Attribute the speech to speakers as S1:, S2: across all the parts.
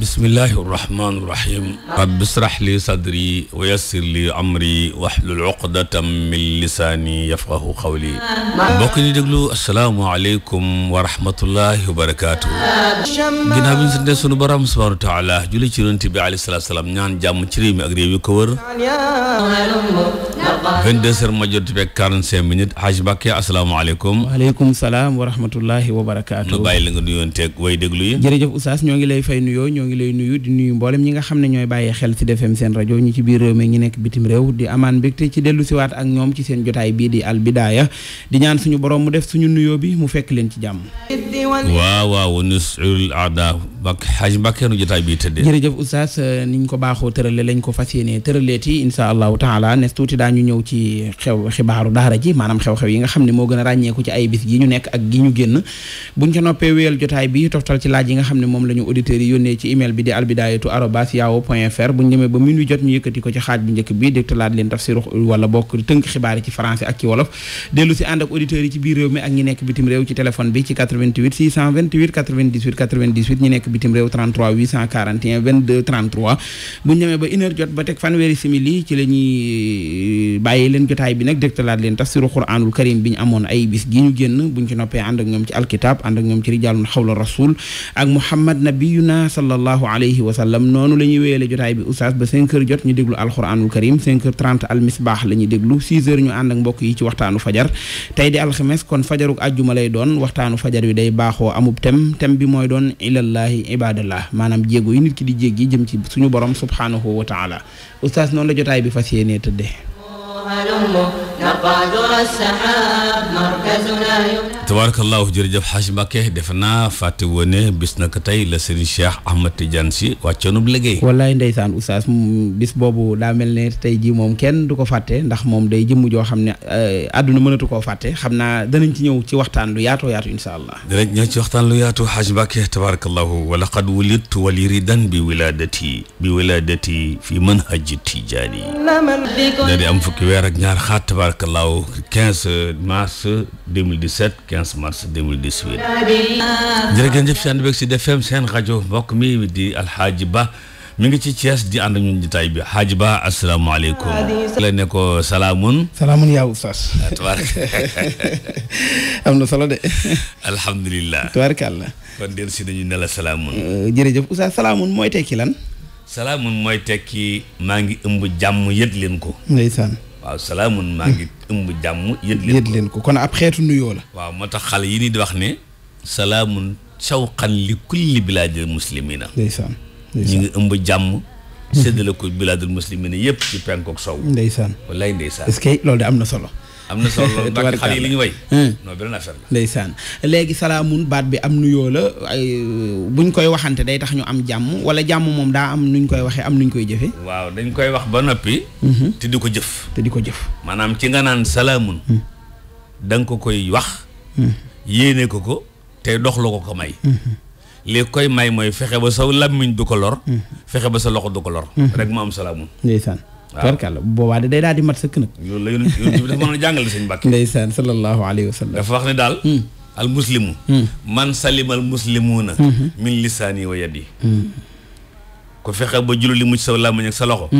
S1: bismillahi irrahmani irrahim rabbi israh li sadri wa yassir li amri wahlul uqdatam min lisaani yafqahu qawli mbokk ni déglu asalaamualeykum wa rahmatullahi wa barakaatu
S2: ginnaaw
S1: bi ñu sante sunu borom subhaanahu wa taala julli ci yonent bi alayhi salaatu salaam ñaan jàmm ci réew mi ak réew yi ko wër 22 heures ma jot beeg 45 minutes Haji Mbacké asalaamaaleykum waaleykum salaam wa
S3: rahmatullahi wa barakaatu nu bàyyi la
S1: nga nuyoon teeg way déglu yi jërëjëf
S3: oustaz ñoo ngi lay fay nuyoo ngi lay nuyu di nuyu mboolem ñi nga xam ne ñooy bàyyi xel ci DFM seen rajo ñi ci ko baaxoo tërale lañ ko fas yéene tëraleeti insha allahu taala nes tuuti daañu ñëw ci xew xibaaru daara ji maanaam xew-xew yi nga xam ne moo gën a ràññeeku ci ay bis gi ñu nekk ak gi ñu génn buñ ca noppee wéyal jotaay bi toftal ci laaj yi nga xam ne moom la ñu yi yónnee ci email bi di albidaayatu arobas yahoo point fr bu ñu demee ba minuit jot ñu yëkkati ko ci xaaj bu njëkk bi dégtalaat leen tafsiru wala quranul karim bi euh, amoon ay gi ñu génn buñ ci noppee ànd ak ñoom ci alkitab xawla rasul ak muhammad nabiyuna sallallahu alayhi wa sallam noonu la ñuy wéyale jotaay bi oustaz ba 5 heures jot ñu déglu alxuraanul karim 5 heures 30 almisbaax la ñuy déglu 6 heures ñu ànd ak mbokk yi ci waxtaanu fajar tey di alxames kon fajaruk àjjuma lay doon waxtaanu fajar wi day baaxoo amub tem tem bi mooy doon ilallaahi ibadallah maanaam jéego yi nit ki di jéggi jëm ci suñu borom subhaanahu wa taala oustaz noonu la jotaay bi fas yéenee tëddee
S1: tabaarakallaahu jërëjëf xaaj Mbàkke defe naa fàtte woon ne bis na ko tey la sëriñ Cheikh Ahmad Tidiane si wàccoonub liggéey
S3: wallaay ndeysaan oustaz bis boobu daa mel ne tey jii moom kenn du ko fàtte ndax moom day jëmm joo xam ne euh, àdduna mënatu koo fàtte xam naa danañ ci ñëw ci waxtaan lu yaatoo yaatu insha allah
S1: danañ ñëw ci waxtaan lu yaatu xaaj Mbàkke tabaarakallaahu wa laqad wulidtu wa li ridan bi wiladati bi wiladati fi manhaji tijaani daa di am fukki weer ak ñaar xaat tabaarkalaaw 15 mars 2017 15 mars 2018 jërëgéen jëf si ànd beeg si DFM seen rajo mbokk mi di Alxaaji Ba mi ngi ci Thiès di ànd ñun jotaay bi Alxaaji Ba asalaamaaleykum la ne ko salaamun
S3: salaamun yaa oustaz ah, tabaaraka
S1: am na solo de alhamdulilah tabaarkalla kon del si nañu ne la salaamun euh, jërëjëf oustaz salaamun
S3: mooy tekki lan
S1: salaamun mooy tekki maa ngi ëmb jàmm yët leen ko ndeysaan waaw salaamun maa ngi ëmb jàmm yët leen ko
S3: leen ko kon ab xeetu nuyoo la
S1: waaw moo tax xale yi ni di wax ne salaamun sawqan li kulli bilaadil muslimina ndeysaan ñu ngi ëmb jàmm séddale ko bilaadul muslimina yëpp ci penkook sow ndeysaan wallaay ndeysaan est-ce que
S3: loolu de am na solo
S1: am na solo ndax xale yi li ñu way non beneen affaire la ndeysaan
S3: léegi salaamun baat bi am nuyoo la buñ koy waxante day tax ñu am jàmm wala jàmm moom daa am nuñ koy waxee am nu ñu koy jëfee
S1: waaw dañ koy wax ba noppi mhm. te di ko jëf te di ko jëf maanaam ci nga naan salaamun hmm. da nga ko koy wax hmm. yéene ko ko te dox la ko ko may hmm. li koy may mooy fexe ba sa làmmiñ du ko lor fexe ba sa loxo du ko lor rek mu am salaamun tubarkàlla
S3: bu boobaa de day daal di mat sëkk nag
S1: loolu la yonent bi dafa mënoon jàngale sëñ Mbàkke
S3: ndeysaan sallallahu alayhi wa sallam dafa wax ne
S1: daal hmm. al muslimu hmm. man salimal na hmm. min lisaani wa yadi ku fexe ba julli li mucc sa làmmiñ ak sa loxo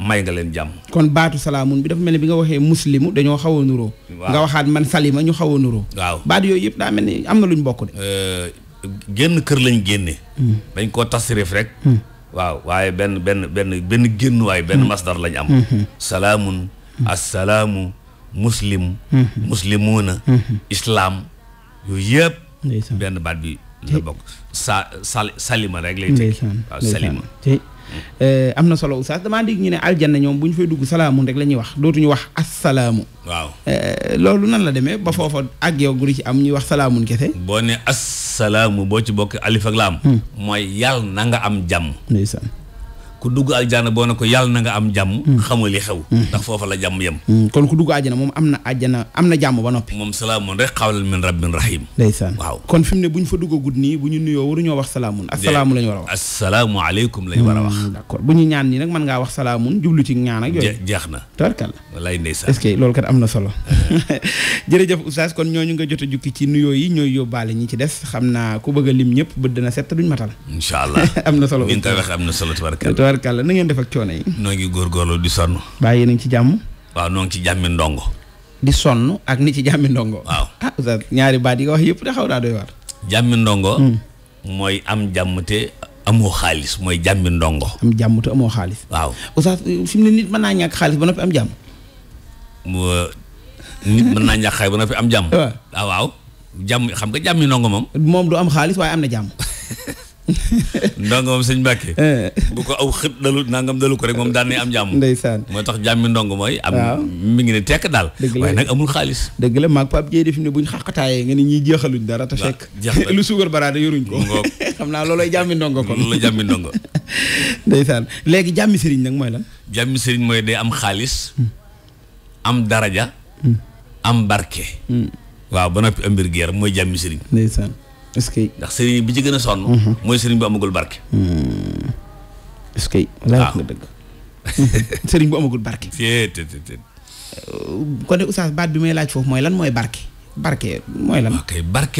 S1: may nga leen jàmm
S3: kon baatu salaamun bi dafa mel ni bi nga waxee muslimu dañoo xaw a nuroo nga waxaat man salima ñu xaw a nuroo
S1: waaw baat yooyu yëpp daa mel ni am na luñ bokk de euh, génn kër lañ génne dañ koo tasrif rek waaw waaye benn benn benn benn génnuwaay benn mm-hmm. masdar lañ am mm-hmm. salaamun mm-hmm. assalaamu muslim muslimuuna islaam yooyu yëpp benn baat bi la bokk salima rek lay teg
S3: salima Eh, am na solo oustaz damaa dégg ñu ne aljanna ñoom bu ñu fay dugg salaamun rek la ñuy wax ñu wax assalaamu waaw eh, loolu nan la demee ba foofa ak yow guri ci am ñuy wax salaamun kese
S1: boo ne assalaamu boo ci bokk alif ak laam hmm. mooy yàlla na nga am jàmm ndeysaan ku dugg aljana boo ne ko yàlla na nga am jàmm mm. xamul li xew mm. ndax foofa la jàmm yem mm. kon
S3: ku dugg aljana moom am na aljana am na jàmm ba noppi
S1: moom salaamun rek xawlan min rabbin rahim ndeysaan waaw
S3: kon fi ne bu ñu fa dugg a gudd nii bu ñu nuyoo waruñoo wax salaamun asalaamu la
S1: war a wax asalaamu aleykum la ñu war a wax
S3: d'accord bu ñu ñaan nii nag man ngaa wax salaamun jublu ci ñaan ak yooyu jeex na tarkal wallaay ndeysaan est loolu kat am na solo eh. jërëjëf oustaz kon ñoo ñu nga jot a jukki ci nuyoo yi ñooy yóbbaale ñi ci des xam naa ku bëgg a lim ñëpp bëdd na set duñ matal
S1: inshallah am na solo am na solo tabaraka
S3: tubaarkàlla na ngeen def ak coono yi.
S1: noo ngi góorgóorlu di sonn.
S3: bàyyi nañ ci jàmm.
S1: waaw noo ngi ci jàmmi ndongo.
S3: di sonn ak ni ci jàmmi ndongo. waaw ah, ñaari baat yi nga
S1: wax yëpp de xaw naa doy waar. Hmm. am jàmm am jàmm te amoo xaalis. waaw oustaz fi xaalis ba noppi am jàmm. ba noppi am jàmm. waaw ah, waaw jàmm xam nga jàmmi ndongo moom.
S3: moom du am xaalis waaye am na jàmm.
S1: ndongo moom sëñ Mbàkke eh. bu ko aw xët dalu nangam dalu ko rek moom daan ne am jàmm ndeysaan moo tax jàmmi ndongo mooy am mu ngi ne tekk daal waaye nag amul xaalis
S3: dëgg la maag Pape Dieye def ne buñ xaqataayee nga ne ñiy jeexaluñ dara te fekk
S1: lu suukar baraada yoruñ ko xam naa loolooy jàmmi ndongo kon loolooy jàmmi ndongo
S3: ndeysaan léegi jàmmi sëriñ nag mooy lan
S1: jàmmi sëriñ mooy day am xaalis hmm. am daraja hmm. am barke hmm. waaw ba noppi am mbir geer mooy jàmmi sëriñ
S3: ndeysaan est-ce que
S1: ndax sëriñ bi ci gën a sonn. Mhm. mooy sëriñ bu amagul barke. Hmm.
S3: est-ce kon de oustaz baat bi may laaj foofu mooy lan mooy barke. barke mooy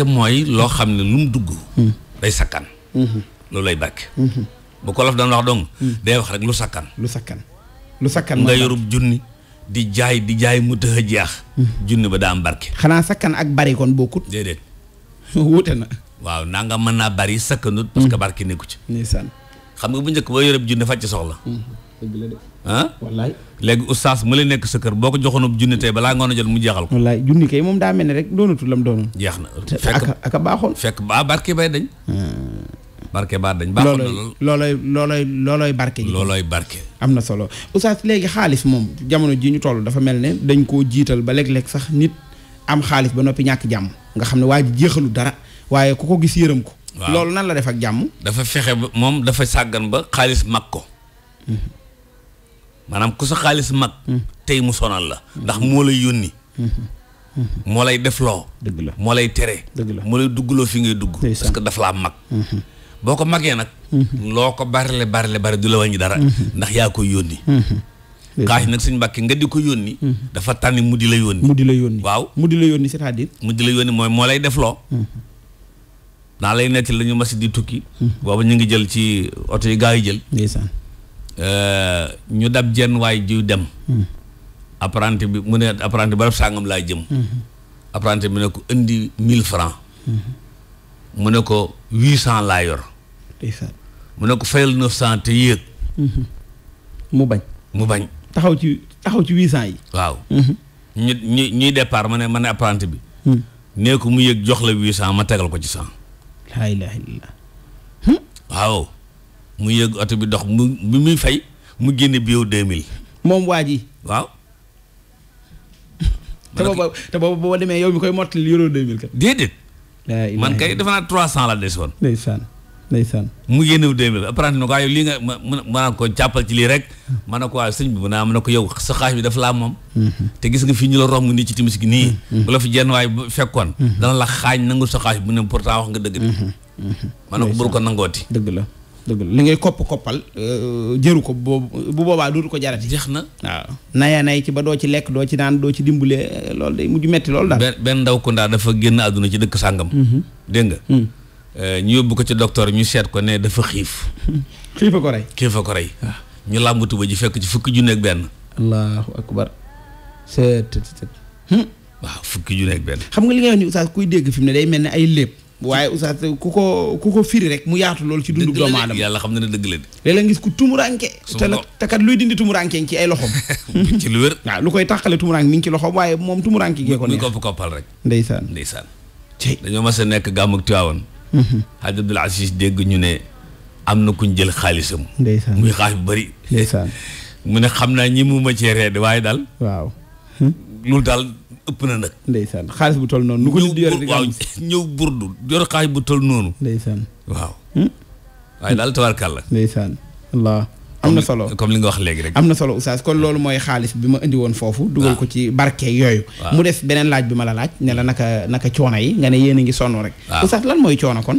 S1: mooy loo xam ne lu mu dugg. Hmm. day sakkan. Mhm. loolu lay barke. Mhm. bu kolof daan wax dong. Hmm. day wax rek lu sakkan. lu sakkan lu
S3: sakkan nga yorub
S1: junni. di jaay di jaay mu tëx a jeex. junni ba daa am barke. xanaa sakkan ak bari kon bokkut. déedéet. wuute na. waaw naa nga mën naa bari sakkanut parce que mm. barke nekku ci ndeysaan xam nga bu njëkk boo yoreb junne faj ci soxla mm. dëgg la de ah wallaay léegi oustaz mu la nekk sa kër boo ko joxoon junne tey balaa ngoon a jot mu jeexal
S3: ko wallaay junni kay moom daa mel ne rek doonatul lam
S1: na fekk aka baaxoon fekk baa barke bay dañ ah. barke baa dañ baaxoon na
S3: lool looloy looloy barke am na solo oustaz léegi xaalis moom jamono ji ñu toll dafa mel ne dañ koo jiital ba léeg-léeg sax nit am xaalis ba noppi ñàkk jàmm nga xam ne waa ji dara waaye ku ko gis yërëm ko. waaw loolu nan la def ak jàmm.
S1: dafa fexe ba moom dafa sàggan ba xaalis mag ko. Mm-hmm. maanaam ku sa xaalis mag. Mm-hmm. tey mu sonal la. Mm-hmm. ndax moo lay yónni. moo lay def loo. dëgg la moo lay tere. dëgg la moo lay duggloo fi ngay dugg. parce que daf laa mag. boo ko magee nag. loo ko barile barile bari du la wàññi dara. ndax yaa koy yónni. xaalis nag suñu mbàkke di ko yónni. dafa tànni mu di la yónni. mu di la yónni waaw mu di la yónni cest à mu di la yónni mooy moo lay def loo. naa lay netti la ñu masi di tukki boobu ñu ngi jël ci oto yi gaa yi jël ndeysaan euh, ñu dab jenn waay ju dem hmm. apprenti bi mu ne apprenti barab sàngam laa jëm hmm. apprenti bi ne ko indi mille francs hmm. mu ne ko huit cent laa yor mu ne ko fayal neuf cent te yéeg mu bañ mu bañ
S3: taxaw ci taxaw ci huit cent yi
S1: waaw ñu ñu ñuy départ ma ne ma ne apprenti bi nee ko mu yéeg jox la huit cent ma tegal ko ci cent laa ilaaha illallaah waaw mu yëg oto bi dox mu bi muy fay mu génne bio 2000. moom waa ji. waaw.
S3: te booba te booba boo demee yow mi koy mottali yoroo 2000 kat. déedéet.
S1: man kay defe naa 300 la des woon.
S2: ndeysaan. ndeysaan
S1: mu yénnew deux mille apprenti na ko waaye lii nga ma ma ko jàppal ci lii rek ma ne ko waaw sëñ bi mu naa ah, ma ne ko yow sa xaaj bi daf laa moom mhm. te gis nga fii ñu la romb nii ci timis gi nii mhm. bu la fi jenn waay fekkoon mhm. dana la xaañ nangul sa xaaj bu ne pourtant wax nga dëgg de ma ne ko bul ko
S3: nangooti la dëgg li ngay kopp koppal euh, jëru ko boobu bu boobaa dootu ko jarati jeex na waaw naya nay ci ba doo ci lekk doo ci naan doo ci dimbalee loolu day mujj metti loolu daal
S1: benn ndaw ko ndaa dafa génn àdduna ci dëkk sàngam dégg Euh, ñu yóbbu ko ci docteur ñu seet ko nee dafa xiif. xiifa ko rey xiifa ko rey. Ah. ñu làmbatu ba ji fekk ci fukki junneeg benn. allahu akbar. seet seet waaw fukki junneeg benn.
S3: xam nga li nga wax ni oustaz kuy dégg fi mu ne day mel ni ay lépp. waaye oustaz ku ko ku ko firi rek mu yaatu loolu ci dundu doomu aadama yàlla xam na ne dëgg la de léeg-léeg ku tumuranke te nag te kat luy dindi tumuranke ci ay loxoom ci lu wér waaw lu koy tàqale tumuranke mi ngi ci loxoom waaye moom tumuranke gee ko neex muy kopp
S1: koppal rek ndeysaan ndeysaan dañoo mas a nekk gàmm ak Tiwaawan Hadj Abdoul Aziz dégg ñu ne am na kuñ jël xaalisam. ndeysaan muy xaalis bu bari ndeysaan mu ne xam naa ñi mu ma cee de waaye daal. waaw. daal ëpp na nag. xaalis bu toll noonu. nu ko nit di yore di waaw ñëw burdu yor bu toll noonu. ndeysaan waaw. Hmm? waaye daal tabarkàlla.
S3: ndeysaan allah.
S1: am na solo comme li nga wax léegi rek.
S3: am na solo kon loolu mooy xaalis bi ma indi woon foofu. dugal ko ci barke yooyu. mu des beneen laaj bi ma la laaj ne la naka naka coono yi nga ne yéen ngi
S1: sonn rek. waaw lan mooy coono kon.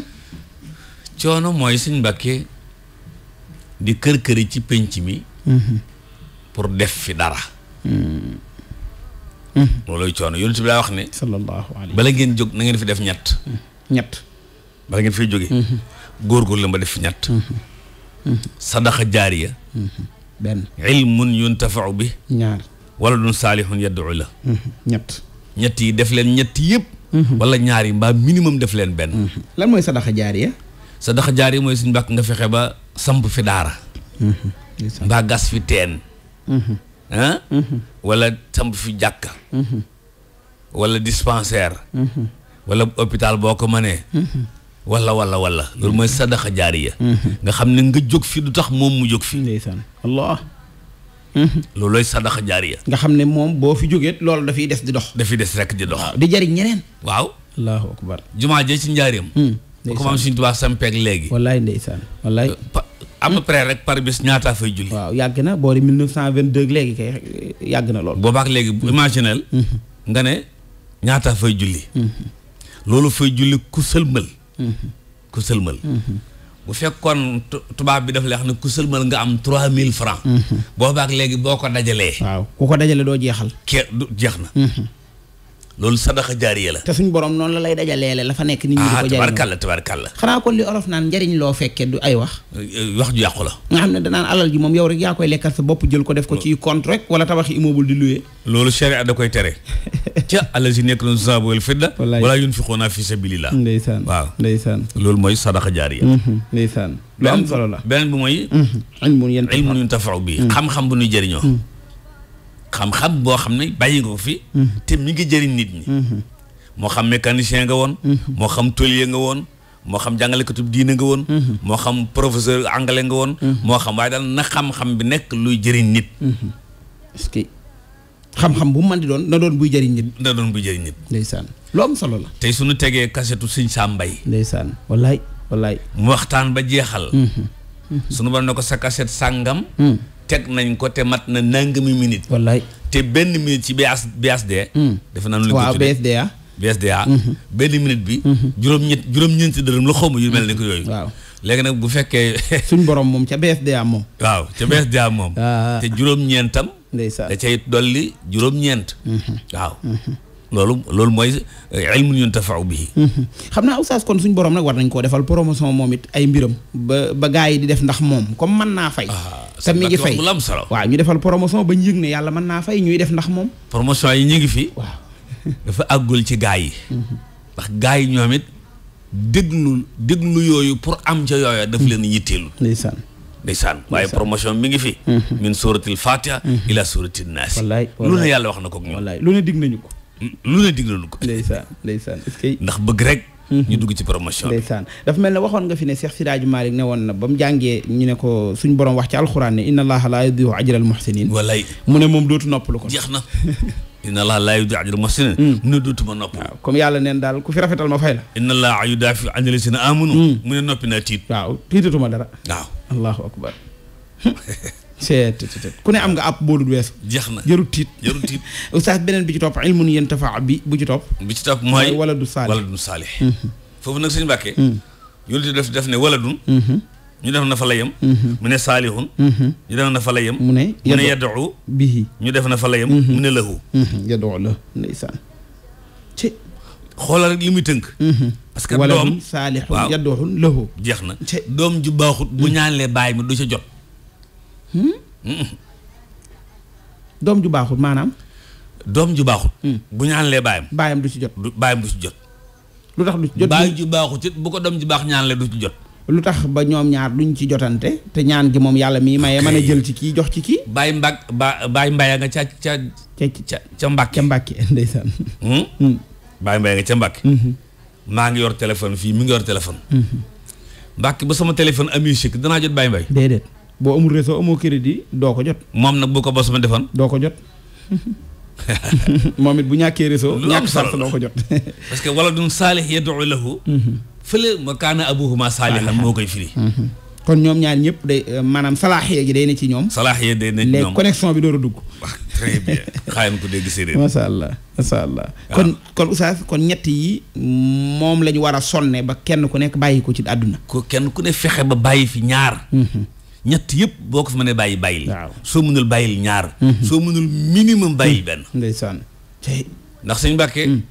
S1: coono mooy suñ mbàkkee di kër këri ci penc mi. Mhm. pour def fi dara. Mhm. Mhm. loolooy coono yonent bi laa wax ne. sallallahu alayhi bala ngeen jóg na ngeen fi def ñett. ñett. bala ngeen fiy jógee. góorgóorlu la ma def fi ñett. sadaqa jaariya benn ilmun yuntafau bi ñaar wala dun saalihun yaddu la ñett ñett yi def leen ñett yëpp wala ñaar yi mbaa minimum def leen benn lan mooy sadaqa jaariya sadaqa jaariya mooy suñ bàkk nga fexe ba samp fi daara mbaa gas fi teen ah samp fi jàkka wala dispensaire wala hôpital boo ko mënee wala wala wala loolu mooy sadaxa jaariya mm-hmm. nga xam ne nga jóg fi du tax moom mu jóg fi ndeysaan allah mm-hmm. loolooy sadaxa jaariya
S3: nga xam ne moom boo fi jógee loolu dafay des di dox dafiy des rek di dox di jariñ ñeneen waaw allahu akbar jumaa jee si njaareem mm. ba ko maam suñu tubaab sampeeg léegi wallaay ndeysaan wallaay euh, à peu
S1: près rek par bis ñaataa fay julli waaw yàgg na boori 1922 léegi kay euh, yàgg na lool boobaak léegi mm-hmm. imaginel nga ne ñaata fay julli loolu fay julli ku sëlmal ku sëlmal bu fekkoon tubaab bi daf lay wax ne ku sëlmal nga am trois mille francs mhm. boobaak léegi boo ko dajalee waaw
S3: ku ko dajale doo jeexal
S1: ke du jeex na mhm. loolu sadaxa jaariya la
S3: te suñ borom noonu la lay dajaleele la fa nekk nit ñi di ko ah, jariñoo tabarkalla tabarkalla xanaa kon li olof naan njariñ loo fekkee du ay eh, wax ju yàqu la nga xam ne danaan alal ji moom yow rek yaa koy lekkal sa bopp jël ko def ko ci compte rek wala tabaxi immeuble di louer
S1: loolu sharia da koy tere ca alal si nekk loon saabu wal fidda wala yunfiquna fi sabilillah ndeysaan waaw ndeysaan loolu mooy sadaxa jaariya
S3: mhm, ndeysaan
S1: lu am solo la beneen bi mooy mhm, ilmun yuntafa bi mhm. xam-xam bu ñuy jëriñoo xam-xam boo xam ne bàyyi nga ko fi. Mm-hmm. te mi ngi jëriñ nit mm-hmm. moo xam mécanicien nga woon. Mm-hmm. moo xam tôlier nga woon. moo xam jàngalekatu diine nga woon. moo xam professeur anglais nga woon. moo xam waaye daal na xam-xam bi nekk luy jëriñ nit. est-ce que xam-xam bu mu di doon na doon buy jëriñ nit. na doon buy jëriñ nit. ndeysaan lu am solo la. tey suñu tegee kasetu Sëñ Sam Mbaye. ndeysaan wallaay wallaay. mu waxtaan ba jeexal. sunu ba ne ko sa kaset sàngam. Mm. teg nañ ko te mat na nangami minute. walla te benn minute ci BS BSD. Hmm.
S2: defe naa nu ñu ko tuddee
S1: waaw BSDA. BSDA. Hmm. benn minute bi. Hmm. juróom-ñett juróom-ñeenti dërëm la xaw ma yu mel ni ko yooyu. waaw léegi nag bu fekkee. suñ boroom moom ca BSDA moom. waaw ca BSDA moom. Ah. te juróom-ñeentam. ndeysaan da cay dolli juróom-ñeent. waaw. loolu loolu mooy euh, ilmun yuntafau bihi
S3: mhm. xam naa oustaz kon suñ borom nag war nañ koo defal promotion moom it ay mbiram ba ba gars yi di def ndax moom comme man naa fay ah, te mi ngi fay
S2: am
S1: solo
S3: waaw ñu defal promotion ba ñu yëg ne yàlla mën naa fay ñuy def ndax
S1: moom promotion yi ñu ngi fi dafa àggul ci gars yi mhm. ndax gars yi ñoom it déglu déglu yooyu pour am ca yooya daf mhm. leen yitteelu ndeysaan ndeysaan waaye promotion mi ngi fi min suratil fatiha ila suratil naas lu ne yàlla wax na ko ak ñoom lu ne dig nañu ko lu ne dig lu ko. ndeysaan ndeysaan est-ce ndax bëgg rek.
S3: Mhm. ñu dugg ci promotion bi ndeysaan dafa mel ne waxoon nga fi ne Cheikh Sidaaju Malick ne woon na ba mu jàngee ñu ne ko suñu borom wax ci alxuraan ne inna allaha laa yudiiu ajral muhsinin wallaay mu ne moom dootu noppalu ko jeex na
S1: inna allaha laa yudiiu ajral muhsinin mm. mu ne dootuma nopp comme yàlla neen daal ku fi rafetal ma fay la inna allaha yudaafi an allaziina aamanu mm. mu ne noppi naa tiit waaw tiitatuma dara waaw
S3: allahu akbar ku ne am nga ab boo dul weesu. jeex na jarul tiit jarul tiit. oustaz beneen bi ci topp ilmun yantafa bi bu ci topp. bi ci mooy wala du saalix wala du saalix. Mm-hmm.
S1: foofu nag suñu bàkkee. Mm-hmm. ñu ngi def def ne wala du mm-hmm. ñu def na fa la yem. mu ne saalihun. ñu def na fa la yem. mu ne mu ne ñu def na fa la yem. mu ne lahu.
S3: yadu la ndeysaan. ci
S1: li muy tënk. parce que doom wala du saalixun yaduun lahu. na doom ju baaxut bu ñaanlee baay mi du ca jot. Hmm? Hmm. doom ju baaxul maanaam. doom ju baaxul. Hmm. bu ñaan lee baayam. baayam du ci jot du baayam du ci jot. lu tax du ci jot baay ju baaxul ci bu ko doom ju baax ñaanalee du ci jot. lu tax ba ñoom ñaar duñ ci jotante te ñaan gi moom yàlla mii maye mën a jël ci kii jox ci kii. bàyyi mbag ba bàyyi mbaya nga ca ca. ca ca mbàkke ca mbàkke ndeysaan. bàyyi mbaya nga ca maa ngi yor téléphone fii mi ngi yor téléphone. mbàkke ba sama téléphone am musique danaa jot bàyyi mbay. boo amul réseau amoo crédit doo ko jot. moom nag bu ko bos ma defoon. doo ko jot. moom it bu ñàkkee réseau. ñàkk sart doo ko jot. parce que waladun saalih yad'u lahu. Mhm. fële ma kaana abuhuma saalihan moo koy firi.
S3: Mhm. kon ñoom ñaar ñëpp day euh, maanaam salaaxiya gi day ne ci ñoom.
S1: salaaxiya day ne bi door a dugg. très bien xaayam
S3: ko dégg séeréer. macha allah macha allah. kon kon oustaz kon ñett yi moom lañu
S1: war a sonne ba kenn ku nekk bàyyi ko ci àdduna. ko kenn ku ne fexe ba bàyyi fi ñaar. Mhm. ñett yëpp boo ko fi mënee bàyyi bàyyil soo mënul bàyyil ñaar mhm. soo mënul minimum bàyyil benn ndeysaan ndax sëñ Mbàkke mm.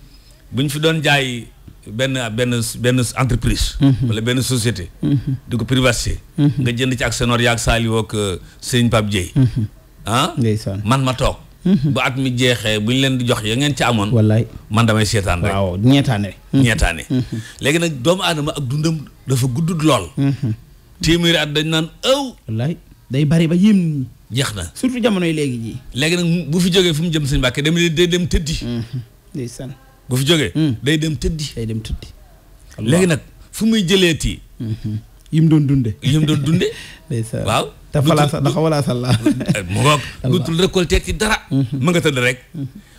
S1: bu ñu fi doon jaay benn benn benn entreprise mhm. wala benn société mhm. di ko privatiser nga jënd ci actionnaire yaag Saliou ak euh, sëñ Pape Dieye ah ndeysaan man ma toog bu at mi jeexee buñ leen di jox ya ngeen ci amoon wallaay man damay seetaan rek waaw ñeetaane ñeetaane léegi nag doomu aadama ak dundam dafa gudd lool téeméeri at dañ naan aw. wallaay day bari ba yéem ñi. jeex na surtout jamono yi léegi jii. léegi nag bu fi jógee fu mu jëm sëñ Mbàkke dem day dem tëddi. Hmm. ndeysaan. bu fi jógee. Hmm. day dem tëddi. day dem tëddi. léegi nag fu muy jëleeti. Hmm. yi mu doon dunde yi doon dunde ndeysaan waaw. te falaasa la. Eh, mu ngoog guddul récolté ci dara. ma nga tëdd rek.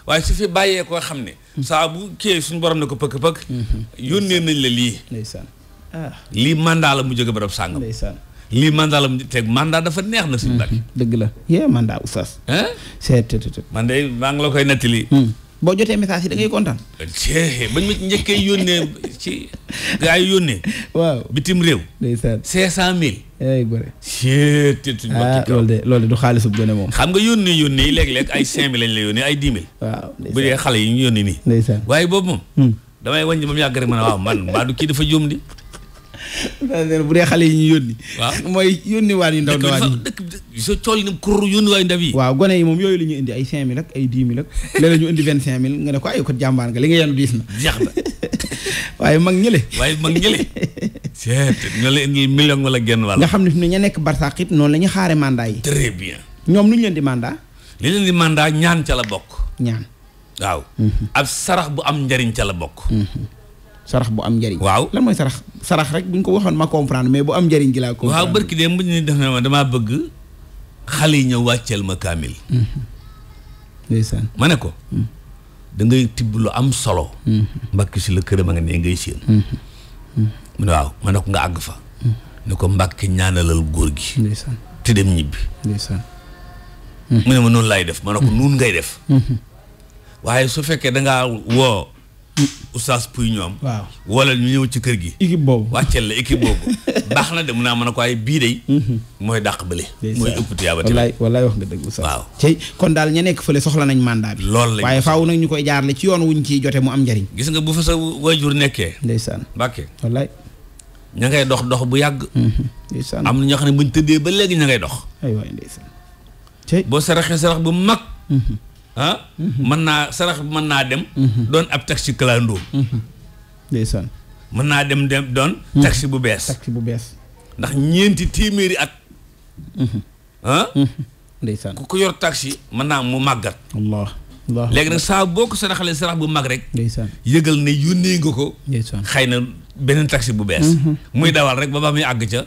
S1: waaye su fi bàyyee koo xam ne. saa bu kii suñu borom ne ko pëkk pëkk. yónnee nañ la lii. lii mandat la mu jóge barab sàngam. ndeysaan lii mandat la mu teg mandat dafa neex na suñu mm-hmm. bàkki. dëgg la yee mandat man maa ngi la koy nettali. Mm. boo jotee message yi da ngay kontaan. Eh, cee bañ ci gaa yi yónnee. waaw réew. ndeysaan cinq cent mille. ay bëri. cee tëtu ah loolu de loolu de du xaalisub gone moom. nga yónnee yónnee yi léeg-léeg ay lañ la yónnee ay dix mille. waaw bu dee xale yi ñu yónnee nii. waaye boobu moom. Mm. damay wàññi ba mu yàgg rek waaw man mbaa du kii dafa jóom bu dee xale yi ñu yónni. waaw mooy yónni waat yu
S3: ndaw ndawaan yi. dëkk bi tool yi kur yónni waat ndaw yi. waaw gone yi moom yooyu la ñuy indi ay cinq mille ak ay dix mille ak nga ne ko ay ko jàmbaar nga li na. jeex na waaye mag
S1: ñële. waaye mag ñële. c'est ñoo la indil million wala genn wàll. nga
S3: xam ne fi mu ña nekk Barsax it noonu ñu xaare mandat yi. très bien. ñoom lu leen di mandat.
S1: li leen di mandat ñaan ca la bokk. ñaan waaw. Mhm. ab sarax bu am njariñ ca la bokk.
S3: Mhm. sarax
S1: bu am njëriñ. waaw lan mooy
S3: sarax sarax rek bu ñu ko waxoon ma comprendre mais bu am njëriñ gi laa. comprendre waaw
S1: barki de mujj na def na ma damaa bëgg yi ñëw wàcceel ma kaamil. Mm-hmm. ndeysaan ma ne ko. Mm-hmm. da ngay lu am solo. Mm-hmm. mbàkk si la këram a nga ne mu ne waaw ma ne nga àgg fa. ne ko mbàkk ñaanalal góor gi. ndeysaan te dem ma noonu laay def ma ne ko noonu ngay def. waaye su fekkee da woo. oustaz puy ñu am waaw wala ñu ñëw ci kër gi équipe boobu wàccel la équipe boobu baax na de mun naa mën a ko waaye bii day mhm. mooy dàq bële mooy ëpp tiyaaba wallaay
S3: wallaay wax nga dëgg oustaz waaw tey kon daal ña nekk fële waaye faaw nag ñu koy jaarale ci yoon wuñ ciy jote mu am njariñ
S1: gis nga bu fa sa waajur nekkee ndeysaan mbàkke wallaay ña ngay dox dox bu yàgg mhm. ndeysaan am na ñoo xam ne buñ tëddee ba léegi ña ngay dox boo saraxee sarax bu mag mhm. Ah? Mm-hmm. mën naa sarax mën naa dem mm-hmm. doon ab taxi clando
S2: mm-hmm. ndeysaan
S1: mën naa dem dem doon taxi bu bees taxi bu bees ndax ñeenti téeméeri at ah ndeysaan ku ko yor taxi mën naa mu màggat allah léegi nag saa boo ko saraxalee sarax bu mag rek ndeysaan yëgal ne yónnee nga ko ndeysaan xëy na beneen taxi bu bees muy dawal rek ba ba muy àgg ca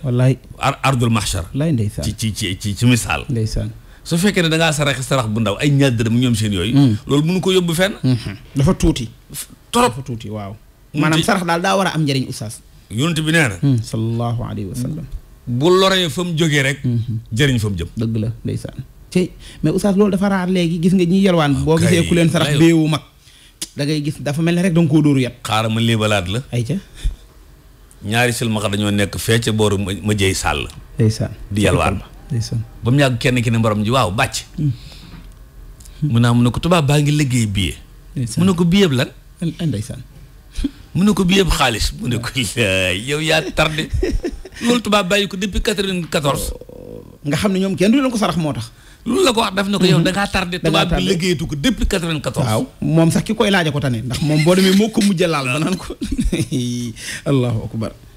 S1: ar ardul mahshar wallaay ndeysaan ci ci ci ci misaal ndeysaan su fekkee ne dangaa ngaa sarax bu ndaw ay ñaar dërëm ñoom seen yooyu. Mm. loolu mënu ko yóbbu fen mm-hmm. dafa tuuti. torop dafa tuuti waaw. maanaam sarax daal daa war a
S3: am njëriñ oustaz. yonent bi nee na. Mm. sallallahu alayhi wa sallam. Mm. bu loree fa mu jógee rek.
S1: Mm-hmm. jëriñ fa mu jëm. dëgg la ndeysaan.
S3: te mais oustaz loolu dafa raar léegi gis nga ñiy yalwaan ah, boo gisee ku leen sarax wu mag. da ngay gis dafa mel ne rek da nga koo dóoru yat.
S1: xaaral ma léebalaat la. ayca. ñaari silmaxa dañoo nekk fee ca booru ma ma jëy sàll. ndeysaan di yalwaan ba mu yàgg kenn ki ne mborom ji waaw bàcc. Hmm. Hmm. mu naa mun ne ko tubaab baa ngi liggéey billet. mu ne ko billet lan. ndeysaan. mu ne ko billet xaalis mu ne ko yow yaa tardé loolu tubaab bàyyi ko depuis quatre-vingt-quatorze. Oh, nga xam ne ñoom kenn du leen ko sarax moo tax. loolu la ko wax daf na ko yow hmm. da ngaa tardé. tubaab bi liggéeyatu ko depuis 94. waaw
S3: moom sax ki koy laaja ko tane ndax moom boo demee moo ko mujjee laal ba naan ko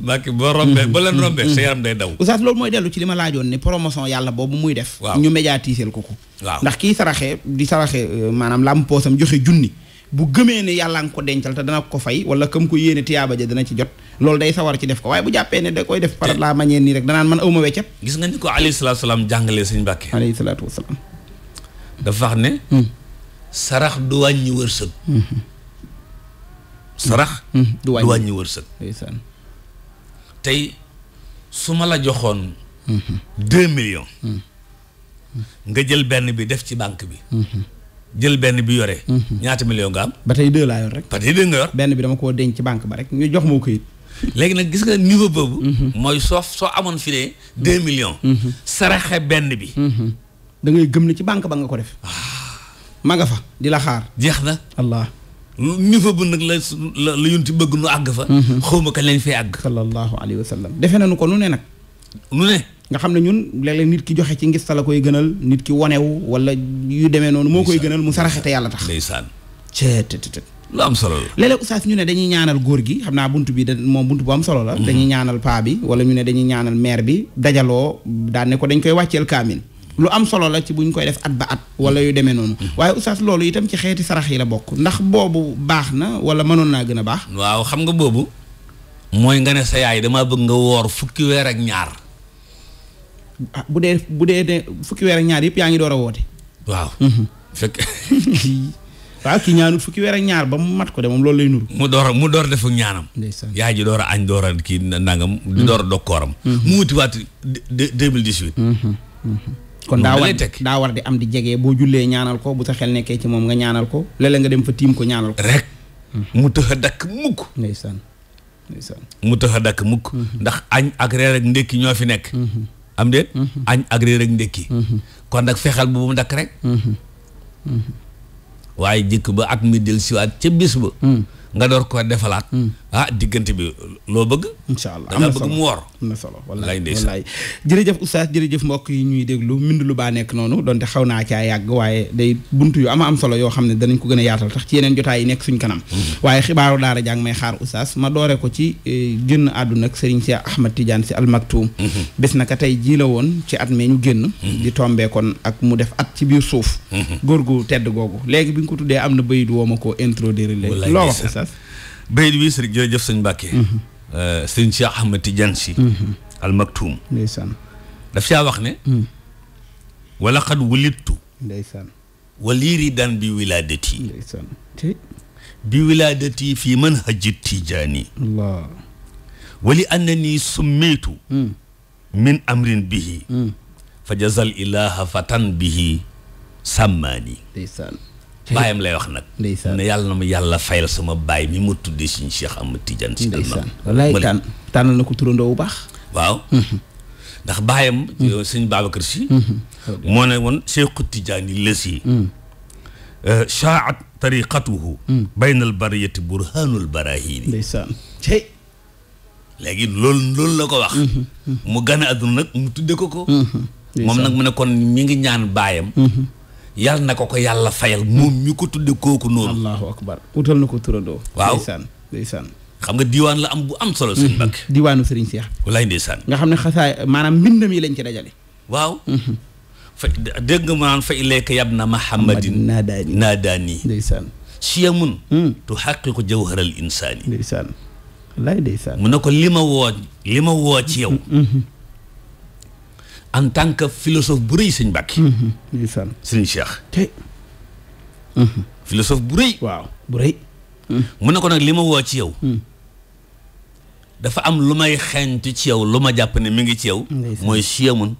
S1: mbàkk boo rombee ba leen mm-hmm. rombee mm-hmm. sa yaram day daw
S3: oustaz loolu mooy dellu ci li ma laajoon ni promotion yàlla boobu muy def waaw ñu médiatiser ko ko waaw ndax kii saraxee di saraxee euh, maanaam lam poosam joxe junni bu gëmee ne yàlla nga ko dencal te dana ko fay wala kam ko yéene tiyaaba ja dana ci jot loolu day sawar ci def ko waaye bu jàppee ne da koy def par la manière nii rek danaan man awma
S1: weccat gis nga ni ko alayhi salaatu wasalaam jàngalee suñ mbàkke alayhi salaatu wasalaam dafa wax ne hmm. sarax du wàññi wërsëg hmm. sarax hmm. du wàññi wërsëg tey su ma la joxoon mhm. deux millions mhm. nga jël benn bi def ci banque bi mhm. jël benn bi yore ñaata million nga am ba tey deux laa yor rek parce tey deux nga yor benn bi dama koo denc ci banque ba rek ñu jox moo ko léegi nag gis nga niveau boobu mooy soo soo amoon fi de deux millions saraxe benn bi dangay gëm ne ci banque ba nga ko def ah. ma nga fa di la xaar jeex na allah niveau bu nag la la la yonti
S3: bëgg nu àgg fa. Mhm. xaw ma kañ lañ fay àgg. sallallahu alayhi wa sallam defe nañu ko nu ne nag. nu ne. nga xam ne ñun léeg-léeg nit ki joxe ci ngis la koy gënal nit ki wanewu wala yu demee noonu. moo koy gënal mu saraxe te yàlla tax. ndeysaan
S1: ceet te lu am solo
S3: la léeg-léeg ñu ne dañuy ñaanal góor gi xam naa bunt bi da moom bunt bu am solo la. Mhm. dañuy ñaanal paa bi wala ñu ne dañuy ñaanal maire bi dajaloo daan ko dañ koy wàcceel kaamin lu am solo la ci bu ñu koy def at ba at wala yu demee noonu
S1: mm-hmm. waaye oustaz loolu itam ci xeeti sarax yi la bokk ndax boobu baax na wala mënoon naa gën a baax waaw xam nga boobu mooy nga ne sa yaay damaa bëgg nga woor fukki weer ak ñaar
S3: ah, bu dee bu dee ne fukki ñaar yëpp yaa ngi door a
S1: woote waaw mm-hmm. fekk
S3: waaw fukki weer ñaar ba mu mat ko de moom loolu lay nuru
S1: mu door mu door def ñaanam yaay ji door a añ door a kii nangam di mm-hmm. door a dog kooram mu wuti waat deux mille dix-huit kon daa war
S3: daa war di am di jege boo jullee ñaanal ko bu sa xel nekkee ci moom nga ñaanal ko léeg nga dem fa tiim ko ñaanal ko rek hmm. mu tëx a dakk mukk
S1: tëx a dakk mukk hmm. ndax añ ak reer ak ndékki ñoo fi nekk hmm. am déet añ ak reer ak ndékki kon nag fexal bu mu dakk rek waaye jëkk ba ak mi del siwaat ca bis ba nga door ko defalaat. Hmm. ah diggante bi loo bëgg. incha allah am na bëgg mu wor. am na solo wallaay wallaay
S3: jërëjëf oustaz jërëjëf mbokk yi ñuy déglu mbind lu baa nekk noonu donte xaw naa caa yàgg waaye day buntu yu ama am solo yoo xam ne danañ ko gën a yaatal tax ci yeneen jotaay yi nekk suñ kanam. Hmm. waaye xibaaru daara jàng may xaar oustaz ma doore ko ci eh, génn àdduna ak Serigne Cheikh Ahmad Tidiane si almaktuum. Hmm. bés naka tey jii la woon ci at mee ñu génn. di tombé kon ak mu def at ci biir suuf. góor gu tedd googu léegi bi nga ko tuddee am na bayit woo ma koo introduire
S1: bayit bi sëriñ jërëjëf sëñ Mbàkke sëñ Cheikh Ahmad Tidiane Sy mhm. al Maktoum ndeysaan daf caa wax ne mhm. wala xad wulittu ndeysaan waliiri daan bi wilaadati ndeysaan bi wilaadati fii manhaji tijaani Allah wali annani summitu mhm. min amrin bihi fa jazal ilaha fatan bihi sàmmaani ndeysaan bàyyam lay wax nag. ndeysaan ne yàlla na ma yàlla fayal sama baay mi ma tuddee suñu Cheikh a Tidiane. si almaam wallaay
S3: tànn tànnal na ko turandoo bu baax.
S1: waaw. ndax baayam. Mm-hmm. Euh, sëñ Babacar si.
S2: Mm-hmm. Euh, moo
S1: ne woon Cheikh Tidiane yi lës yi. shaa'at tariqatuhu. Mm. baynal bariyati burhanul barahini. ndeysaan tey. léegi loolu loolu la ko wax. Mm-hmm. mu gane àdduna nag mu tuddee ko ko. moom nag mu ne kon mi ngi ñaan baayam. yal na ko ko yàlla fayal mu
S3: ñu ko tudde kooku noonu
S1: allahu akbar
S3: utal na ko turandoo waaw ndeysaan
S1: ndeysaan xam nga diwaan la am bu am solo sëñ mhm.
S3: Mbàkke diiwaanu sëriñ Seex
S1: walaay ndeysaan nga xam ne xasaay maanaam mbindam mii lañ ci dajale waaw mhm. fa dégg nga maanaam fa ilayka yab na mahammadin naadaani naadaani ndeysaan siyamun mhm. tuhaqiqu jawharal insaani ndeysaan wallaay ndeysaan mu ne ko li ma woo li ma woo ci yow en tant que philosophe bu rëy sëñ Mbàkke. Mhm, ndeysaan sëñ mhm. philosophe bu rëy. waaw bu mhm. ne ko nag li ma woo ci yow. dafa am lu may xeeñtu ci yow lu ma jàpp ne mi ngi ci yow. mooy siyamun.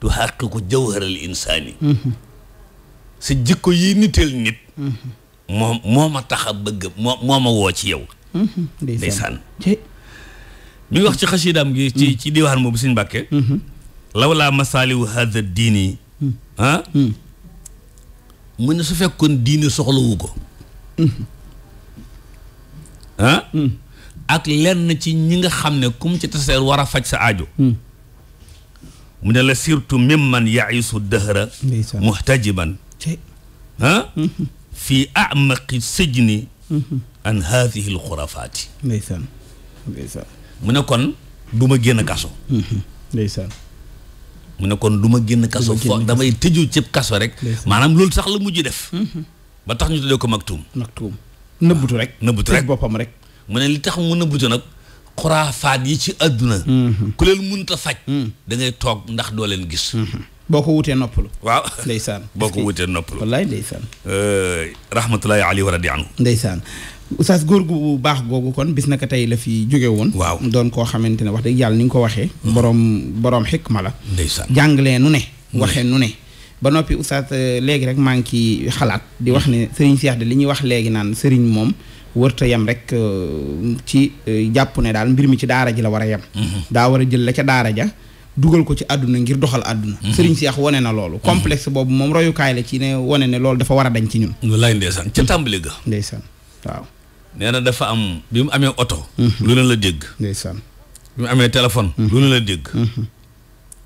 S1: tu xaqiqu jawharal yi niteel moom a ma tax a bëgg moo moo ma woo ci yow. ndeysaan ngi wax ci xasidaam gi. ci ci diwaan boobu sëñ Mbàkke. lawlaa masaalihu haada diini ah mu ne su fekkoon diini soxlawu ko ah ak lenn ci ñi nga xam ne kum ci taseer war a faj sa aajo mu ne la surtout mimman yaisu dëhra muhtajiban ah fii amaqi sijni an haadihi l xurafaati ndeysaan ndeysaan mu ne kon du ma génn kaso mu ne kon du ma génn kaso foog damay tëju cib kaso rek maanaam loolu sax la mujj def mhm. ba tax ñu tuddee ko maktuum maktuum nëbbutu rek nëbbutu rek boppam rek mu ne li tax mu nëbbutu nag xuraafaat yi ci àdduna mhm. ku leen munta faj mhm. da toog ndax doo leen gis boo ko wutee noppalu waaw ndeysaan boo ko wutee noppalu wallaay ndeysaan euh, rahmatullahi alayhi wa radi anhu
S3: ndeysaan oustaz góor gu baax boobu kon bis na ko tey la fi jóge woon. waaw doon koo xamante ne wax dëgg yàlla ni nga ko waxee. Mm. boroom borom ma la. ndeysaan jàngalee nu ne. Mm. waxee nu ne. ba noppi oustaz euh, léegi rek maa ngi ciy xalaat di wax ne sëriñ Cheikh da li ñuy wax léegi naan Serigne moom. wërta yam rek euh, ci euh, jàpp ne daal mbir mi ci daara ji la war a yem mm-hmm. daa war a jël la ca daara ja dugal ko ci àdduna ngir doxal àdduna sëriñ Seex wane na loolu mm-hmm. complexe boobu moom royukaay la ci ne wane ne loolu
S1: dafa war a dañ ci ñun wallaay ndeysaan ca mm. ga ndeysaan nee na dafa am bi mu amee oto. Mhm. lu ne la dégg. ndeysaan bi mu amee téléphone. Mhm. lu ne la dégg. Mhm.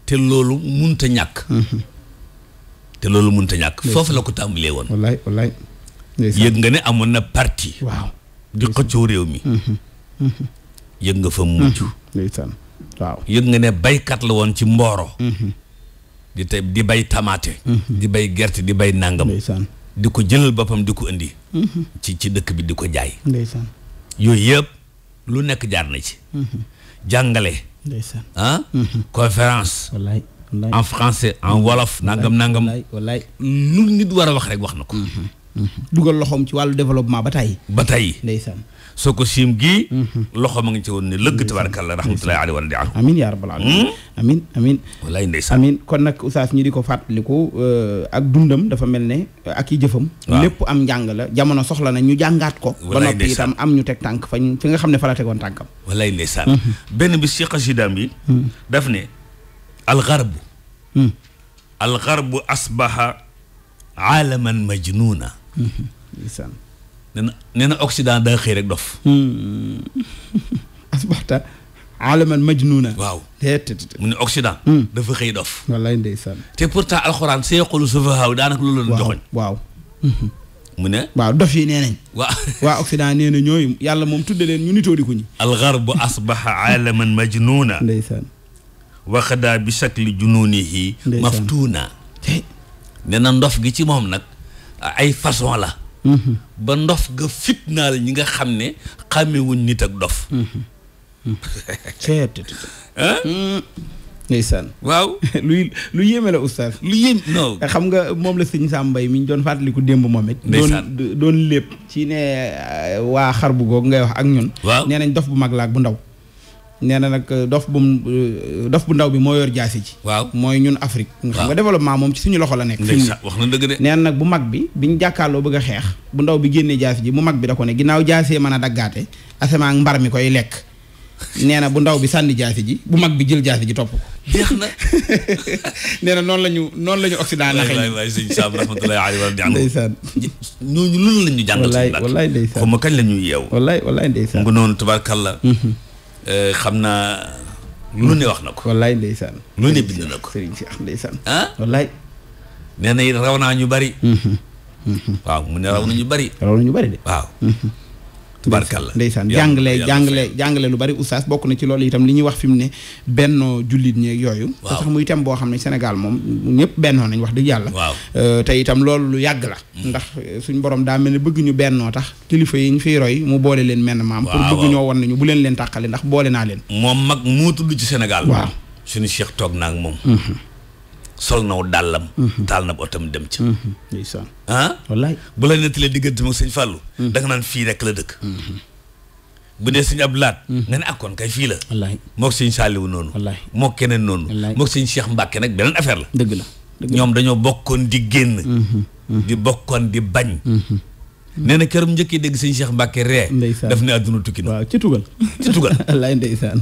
S1: te loolu munta ñàkk. te loolu munta ñàkk. foofu la ko tàmbalee woon. wallaay wallaay. yëg nga ne amoon na parti. waaw di xëccoo réew mi. yëg nga fa mujj. waaw. yëg nga ne baykat la woon ci mbooro. di tey di bay tamaate. di bay gerte di bay nàngam. ndeysaan. di ko jëlal boppam di ko indi mm-hmm. ci ci dëkk bi di ko jaay ndeysaan yooyu yëpp lu nekk jaar na ci mm-hmm. jàngale ndeysaan ah mm-hmm. conférence wallaay en français en wolof nangam nangam wallaay lu nit war a wax rek wax na ko
S3: dugal loxoom ci wàllu développement ba tey ba tey ndeysaan
S1: soo ko siim gii mhm. loxo ma ngi ci woon ne lëgg tabaarakallah rahmatullahi alayhi wa radi anhu
S3: amin yaa rabbal alamin hmm? amin amin walaay ndeysaan amin kon nag oustaz ñu di ko fàttaliku euh, ak dundam dafa mel ne euh, ak i jëfam lépp am njàng la jamono soxla na ñu jàngaat ko ba noppi itam am ñu teg tànk fañ fi
S1: nga xam ne fa la tegoon tànkam walaay ndeysaan mhm. benn bi si xasidaam bi hmm. daf ne algarbu hmm. algarbu asbaha aalaman majnuuna mhm. ndeysaan nee na nee na Occident daa xëy rek dof. Hmm. asbaxta alaman majnuna waaw mu ne hmm. dafa xëy dof. wallaay ndeysaan. ne. waaw dof yi nee nañ. waa
S3: waa Occident ñooyu yàlla moom tudde leen ñu
S1: nitoo di ko ñi. algarbu asbaxa alaman majnuna. ndeysaan. bi shakli jununihi. maftuuna. nee na gi ci moom nag ay façon la. ba ndof ga fitnaal ñi nga xam ne xàmmewuñ nit ak dof ndeysaan
S3: waaw luy lu yéeme la oustaz lu yéem xam nga moom la sëñ mbay mi ñu doon fàttaliku démb moom it doon doon lépp ci ne waa xar bu goog ngay wax ak ñun waaw nee nañ dof bu mag laa bu ndaw nee na nag dof bu dof bu ndaw bi moo yor jaasi ji waaw mooy ñun Afrique nga xam nga développement moom ci suñu loxo la nekk wax na dëgg de nee nag bu mag bi bi ñu jàkkaarloo bëgg a xeex bu ndaw bi génnee jaasi ji mu mag bi da ko ne ginnaaw jaasee mën a daggaate asamaan mbar mi koy lekk nee na bu ndaw bi sànni jaasi ji bu mag bi jël jaasi ji topp ko jeex na nee na la ñu noonu la ñu occident naxe wallaay sëñ Sam rahmatullahi alayhi wa rahmatullahi
S1: ndeysaan ñooñu loolu la ñu jàngal wallaay ma kañ la ñuy yeew wallaay wallaay ndeysaan nga noonu tubaarkàlla mm-hmm. Euh, xam naa lu ne wax na ko. wallaay ndeysaan. lu ne bind na ko Serigne Cheikh ndeysaan. ah wallaay. nee na it raw naa ñu bari. Mhm. Mhm. waaw mu ne raw na ñu bari. raw na ñu bari de tubarkalla ndeysaan jàngale
S3: jàngale jàngale lu bari oustaz bokk na ci loolu itam li ñuy wax fi mu ne bennoo jullit ñeeg yooyu te sax muy tem boo xam ne Sénégal moom ñëpp bennoo nañ wax dëgg yàlla euh, te itam loolu lu yàgg la mm. ndax euh, suñ borom daa mel ne bëgg ñu bennoo tax kilifa yi ñu fi roy mu boole leen menn maam pour bëgg ñoo won nañu bu leen leen tàqale ndax boole naa leen
S1: moom mag moo tudd ci Sénégal waaw suñu Cheikh toog naag moom mm-hmm. sol naw dàllam mhm. taal na otam dem ca mhm. ndeysaan la ah? wallaay bu la nettalee diggante moom sëñ Fallou mhm. da naan fii rek la dëkk bu dee sëñ Abdou Lahat nga ne akkoon ah, kay fii la wallaay mook sëñ Saliou noonu wallaay mook keneen noonu mook sëñ nag beneen affaire la dëgg la ñoom dañoo bokkoon di génn di bokkoon di bañ nee na këram njëkkee dégg sëñ seex Mbacke ree daf ne àdduna tukki na waaw ci tugal ci tugal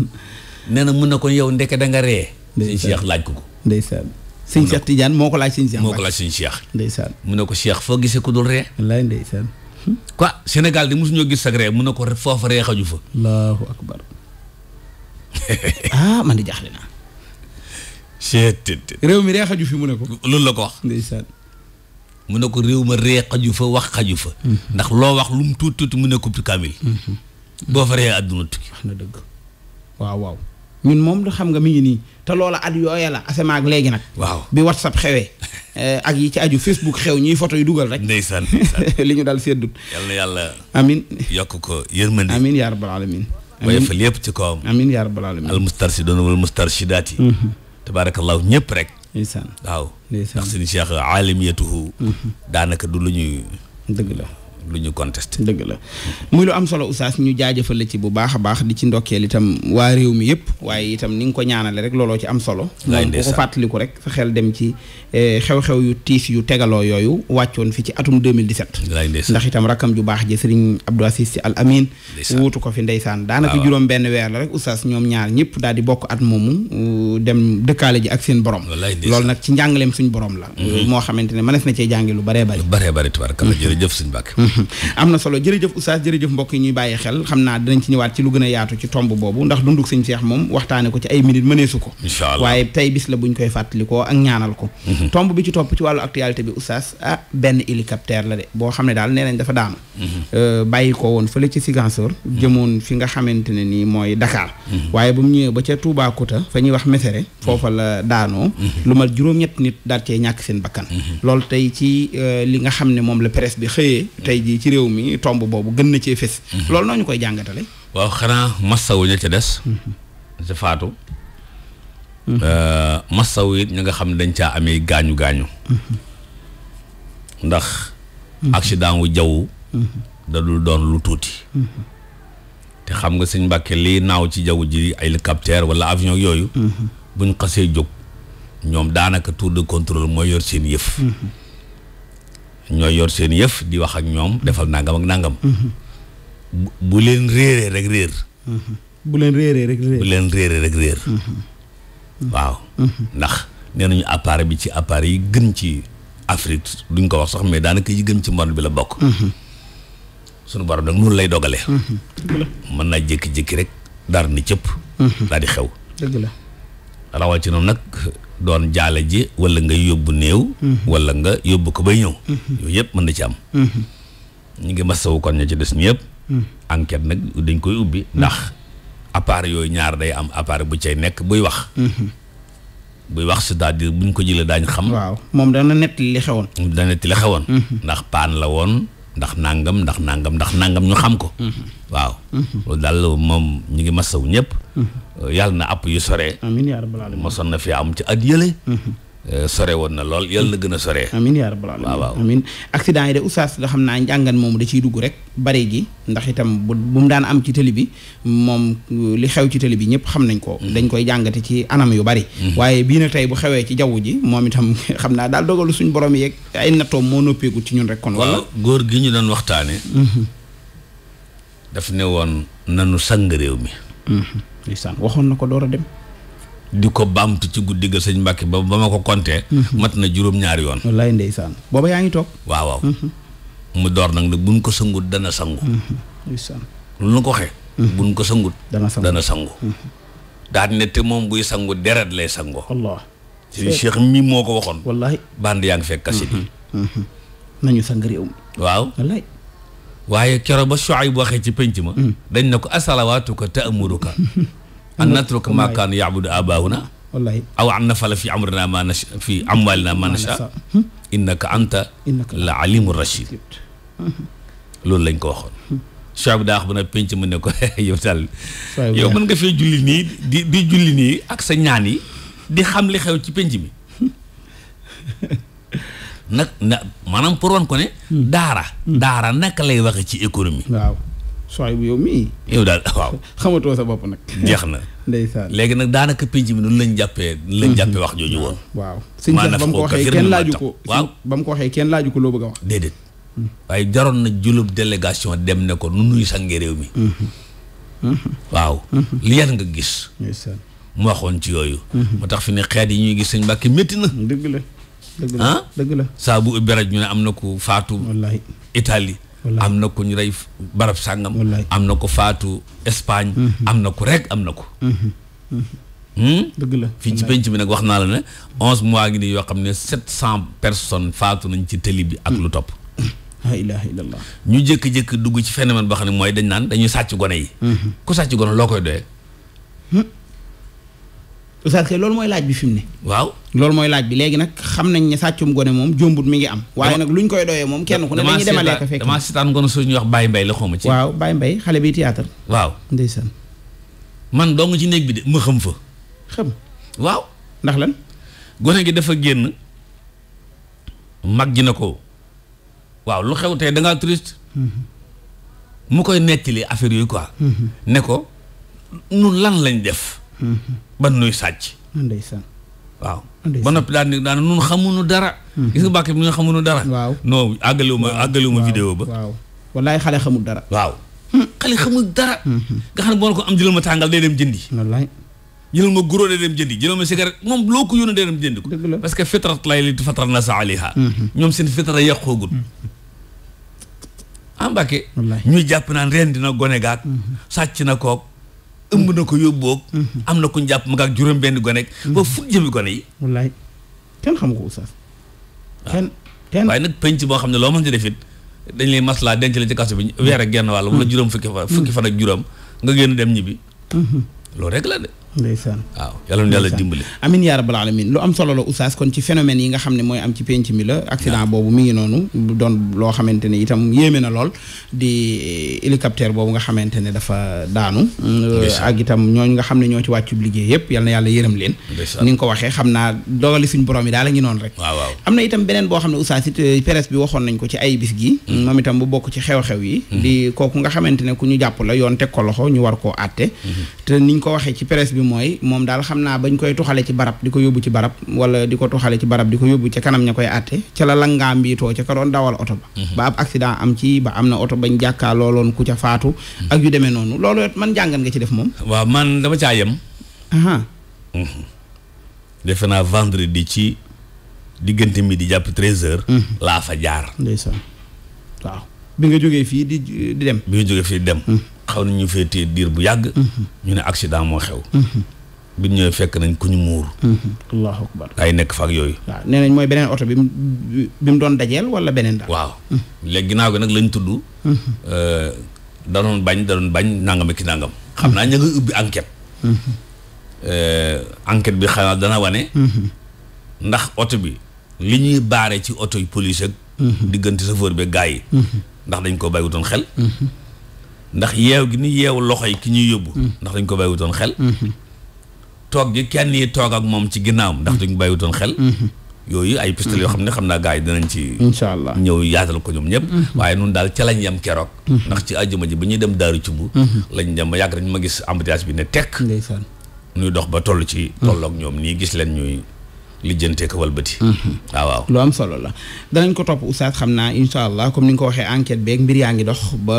S1: nee na mun na ko yow ndeke da nga ree
S2: sëñ Cheikh laaj
S1: ko ko ndeysaan sëñ Cheikh Tidiane moo ko laaj sëñ Cheikh moo ko laaj sëñ ndeysaan mu ne ko Cheikh foo gisee ku dul ree wallaay ndeysaan hmm? quoi Sénégal de mosuñoo gis sag mu ne ko foofa ree xaju fa
S3: allahu akbar ah man di jaaxle naa
S1: seet réew mi ree xaju fi mu ne ko loolu la ko wax ndeysaan mu ne ko réew ma ree xaju fa wax xaju fa hmm. ndax loo wax lu mu tuuti tuuti mu ne ko kaamil hmm. boo fa ree àdduna tukki wax na dëgg waaw waaw
S3: ñun moom du xam nga mi ngi
S1: nii te loola at yooya
S3: la asemaak léegi nag. waaw bi whatsapp xewee eh, ak yi ci aju facebook xew ñuy photo yu dugal rek. ndeysaan li ñu daal seddut.
S1: yal na yàlla. amin
S3: yokk ko yërmande. amin yaa rabbal
S2: alamin
S1: waaye fa lépp ci kawam. amin yaa rabbal alamin al mustarsidoon wal mustarshidaat yi. Mhm. tabaarakallaahu ñëpp rek. ndeysaan waaw. ndax suñu cheikh aalimiyatuhu mhm. daanaka du lu ñuy. dëgg la. lu ñu contesté. dëgg la muy lu am solo oustaz ñu jaajëfal la ci
S3: bu baax a baax di ci ndokkeel itam waa réew mi yëpp waaye itam ni nga ko ñaanale rek looloo ci am solo. waaye ko fàttaliku rek sa xel dem ci eh, xew-xew yu tiis yu tegaloo yooyu wàccoon fi ci atum 2017. ndax itam rakkam ju baax ji sëriñ Abdou Aziz Sy Al wuutu ko fi ndeysaan daanaka juróom benn weer la rek oustaz ñoom ñaar ñëpp daal di bokk at moomu dem dëkkaale ji ak seen borom. loolu nag ci njàngaleem suñ borom la. Mm-hmm. moo xamante ne na cee jàngi lu baree bari.
S1: baree bari tubaarkalla mm-hmm. jërëjëf suñ bàkk
S3: am na solo jërëjëf oustaz jërëjëf mbokk yi ñuy bàyyi xel xam naa dinañ ci ñëwaat ci lu gën a yaatu ci tomb boobu ndax dunduk sëñ Seex moom waxtaane ko ci ay minute mëneesu ko inshallah waaye tey bis la buñ koy fàttalikoo ak ñaanal ko mhm. tomb bi ci topp ci wàllu actualité bi oustaz ah benn hélicoptère la de boo xam ne daal nee nañ dafa daanu mhm. euh, bàyyi ko woon fële ci Ziguinchor mhm. jëmoon fi nga xamante ne nii mooy Dakar waaye bu mu ñëwee ba ca Toubacouta fa ñuy wax Mesere foofa la daanoo lu mal juróom-ñett nit daal cee ñàkk seen bakkan loolu tey ci euh, li nga xam ne moom la presse bi xëyee tey jii ci réew mi tomb boobu gën na cee fes mhm. loolu noo ñu koy jàngatale.
S1: waaw xanaa massawu ña ca des. ca mhm. faatu. Mhm. Euh, massawu ñi nga xam ne dañ caa amee gaañu gaañu. ndax. accident jaw dadul da doon lu tuuti. te xam nga sëñ Mbàkke liy naaw ci jaww ji ay hélicoptère avion yooyu. buñ xasee jóg ñoom daanaka tour de contrôle mooy yor seen yëf. ñoo yor seen yëf di wax ak ñoom defal nangam ak nangam. Mhm. Mhm. bu leen réeree rek réer.
S3: bu leen réere rek réer bu leen réeree rek réer. Mhm.
S1: waaw. ndax nee nañu appareil bi ci appareil yi gën ci Afrique duñ ko wax sax mais daanaka yi gën ci monde bi la bokk. sunu borom nag noonu lay dogalee. mën naa jékki-jékki rek dara ni cëpp. daal di xew. dëgg la rawatina nag doon jaale ji wala ngay yóbbu néew mhm. walla nga yóbbu ko bay ñëw mhm. yooyu yëpp mën na ci am mhm. ñu ngi masawu kon ña ci des ñëpp enquête nag dañ koy ubbi ndax appareil yooyu ñaar day am appareil bu cay nekk buy wax buy wax cest à diir buñ ko jëlee daañ xam waaw
S3: moom dana nettali li xewoon
S1: dana nettali li xewoon ndax paan la woon ndax nangam ndax nangam ndax nangam ñu xam ko. Mhm. waaw. Mhm. loolu daal moom ñu ngi masawu ñëpp. Mhm. yàlla na app yu sore. amiin yaa rabbal na fi am ci at yële. Euh, sore woon na lool yal na gën a sore. amiin
S3: yaa rabbal aalamiin waaw waaw amiin accident yi de oustaz loo xam naa njàngan moomu da ciy dugg rek bare ji ndax itam bu bu mu daan am ci tëli bi moom euh, li xew ci tëli bi ñëpp xam nañ ko. Mm-hmm. dañ koy jàngate ci anam yu bari. Mm-hmm. waaye bii nag tey bu xewee ci jaww ji moom itam xam naa daal dogalu suñu borom yeeg ay nattoom moo noppeeku ci ñun rek. kon wala
S1: góor gi ñu doon waxtaane mm-hmm. daf ne woon nanu sang réew mi. waxoon na ko door a dem. di ko baamtu ci guddi ga sëñ Mbàkke ba ba ma ko kontee mhm. mat na juróom-ñaari yoon wallaay ndeysaan booba yaa ngi toog waaw waaw mhm. mu door nag nag buñ ko sangut dana sangu lu
S2: mhm.
S1: nu ko waxee buñ ko sangut dana sangu dana sangu daal ne te moom buy sangu deret lay sangoo
S2: allah si cheikh
S1: mi moo ko waxoon wallaay band yaa ngi fekk kasi bi nañu sang réew mi waaw wallaay waaye kero ba Shuayb waxee ci pénc ma dañ na ko ko asalawaatuka ta'muruka an natruka maa kaanu yaabudu abaahuna aw an nafala fi amrina ma nasha fi ma nasha innaka anta la alimu rachid loolu lañ ko waxoon soo bi daa ba nag penc mu ne ko yow daal yow mën nga fee julli nii di di julli ak sa di xam li xew ci penc mi nag maanaam pour wan hmm. daara hmm. daara naka lay waxe ci économie waaw soxay bu yow mii. yow daal waaw. xamatoo sa bopp nag. jeex na ndeysaan. léegi nag daanaka penc bi noonu lañ jàppee. lañ mhm. jàppee wax jooju woon. waaw sëñ Cheikh ba mu ko waxee kenn laaju ko waaw
S3: ba ko waxee kenn laaju ko loo bëgg wax. déedéet.
S2: Mhm.
S1: waaye jaroon na julub délégation dem ne ko nu nuy sànge réew mi.
S2: Mhm.
S1: waaw. li yan nga gis. ndeysaan mu waxoon ci yooyu. moo tax fi ne xeet yi ñuy gis sëñ Mbàkke métti na. dëgg la dëgg ah dëgg la. saa bu ubbi ñu ne am na ku faatu. wallaahi Italie. am na ku ñu rey barab sàngam am na ko faatu Espagne mm-hmm. am na ko rek am na ko
S2: mm-hmm. mm-hmm. hmm? dëgg la fii ci penc
S1: bi nag wax naa la ne onze mois ngi nii yoo xam ne sept cent personnes faatu nañ ci tëli bi ak lu topp la ilaha ñu jékki-jékki dugg ci phénomène boo xam ne mooy dañ naan dañuy sàcc gone yi ku sàcc gone loo koy doyee
S3: hmm? oustaz loolu mooy laaj bi fi mu ne waaw loolu mooy laaj bi léegi nag xam nañ ne sàccum gone moom jombut mi ngi am waaye nag luñ koy doyee moom kenn ku ne dañuy demalee ko fekk damaa
S1: seetaan gone suñuy wax Baye Mbaye la xawma ci waaw
S3: Baye Mbaye xale bi théâtre
S1: waaw ndeysaan man dong ci néeg bi de ma xam fa xam ndax lan gone gi dafa génn mag ji na ko waaw lu xew tey da ngaa triste mm-hmm. mu koy nettali affaire yooyu quoi mm-hmm. ne ko nun lan lañ def Mhm. ban nooy sàcc. ndeysaan waaw. ba noppi daan ni daan nun xamuñu dara. Mhm. gis nga bàkk bi ñu xamuñu dara. waaw non àggaliwuma àggaliwuma vidéo ba. waaw wallaay xale xamul dara. waaw hmm. xale xamul dara. Mhm. nga xam ne boo ko am jëlal ma tàngal day dem jëndi. wallaay jëlal ma guro day dem jëndi jëlal ma cigarette moom loo ko yónnee day dem jëndi ko. parce que fitrat lay li fatara na sa aliha. ñoom seen fitra yàqoogul. ah Mbàkke ñuy jàpp naan ren dina gone gaag. sàcc na kook. ëmb na ko yóbboog am na ku ñu jàpp mu ak juróom benn gone ak ba fut jëmi gone yi wallaay kenn xam ko oustaz ah. kenn kenn waaye nag penc boo xam ne loo mën ci defit dañ lay maslaa denc la ci kaso bi weer ak genn wàll wala mm. juróom fukki fan fukki fan ak juróom nga génn dem ñibbi mm-hmm. loolu rek la de ndeysaan waaw yàlla na yàlla dimbali amin yaa rabbal alamin
S3: lu am solo la oustaz kon ci phénomène yi nga xam ne mooy am ci penc mi la accident boobu mi ngi noonu doon loo xamante itam yéeme na lool di eh, hélicoptère boobu nga xamante ne dafa daanu ak itam ñooñu nga xam ne ñoo ci wàccu liggéey yëpp yal na yàlla yërëm leen ni nga ko waxee xam naa dogali suñ borom yi daal la ngi noonu rek waaw am na itam beneen boo xam ne oustaz it eh, presse bi waxoon nañ ko ci ay bis gi mm. moom itam bokk ci xew-xew yi mm-hmm. di kooku nga xamante ne ku ñu jàpp la yoon teg ko loxo ñu war koo àtte mm-hmm. mooy moom daal xam naa bañ koy tuxale ci barab di ko yóbbu ci barab wala di ko tuxale ci barab di ko yóbbu ca kanam ña koy àtte ca la langaa mbiitoo ca ka doon dawal oto ba mhm. ba ab accident am ci ba am na oto bañ jàkkaa looloon ku ca faatu mhm. ak yu demee noonu loolu man jàngan nga ci def moom
S1: waaw man dama caa yem aha mhm. defe naa vendredi ci diggante mi di jàpp treize heures laa fa jaar ndeysaan waaw bi nga jógee fii di di dem bi nga jógee fii di dem xaw nañu féetee diir bu yàgg. ñu ne accident moo xew. bi ñëwee fekk nañ ku ñu muur. allahu akbar ay nekk fa ak yooyu. waaw
S3: nee nañ mooy beneen oto bi mu bi mu doon dajeel wala beneen daal. waaw
S1: léegi ginnaaw gi nag lañ tudd. Euh, da bañ da bañ nangam ki nangam.
S2: xam naa ña nga ubbi enquête.
S1: Euh, enquête bi xanaa dana wane. ndax oto bi li ñuy baare ci oto yi police ak.
S2: Mhm. diggante
S1: chauffeur bi gaa yi. Mhm. ndax dañ koo doon xel. Mhm. ndax yeew gi ni yeewu loxo yi ki ñuy yóbbu mm. ndax dañ ko bàyyiwutoon xel mm-hmm. toog gi kenn yi toog ak moom ci ginnaawam ndax mm. dañ ko bàyyiwutoon xel mm-hmm. yooyu ay pistolet yoo mm-hmm. xam ne xam naa gaa yi danañ ci incha allah ñëw yaatal ko ñoom ñëpp waaye nun daal ca lañ yem keroog ndax ci àjjuma ji ba ñuy dem daaru ci bu lañ dem yàgg nañ ma gis embouteillage bi ne tekk ñuy dox ba toll ci mm. tolloog ñoom nii gis leen ñuy lijjantee mhm. ah, la danañ ko topp oustaz xam naa incha allah
S3: comme ni ko waxee enquête beeg mbir yaa ngi dox ba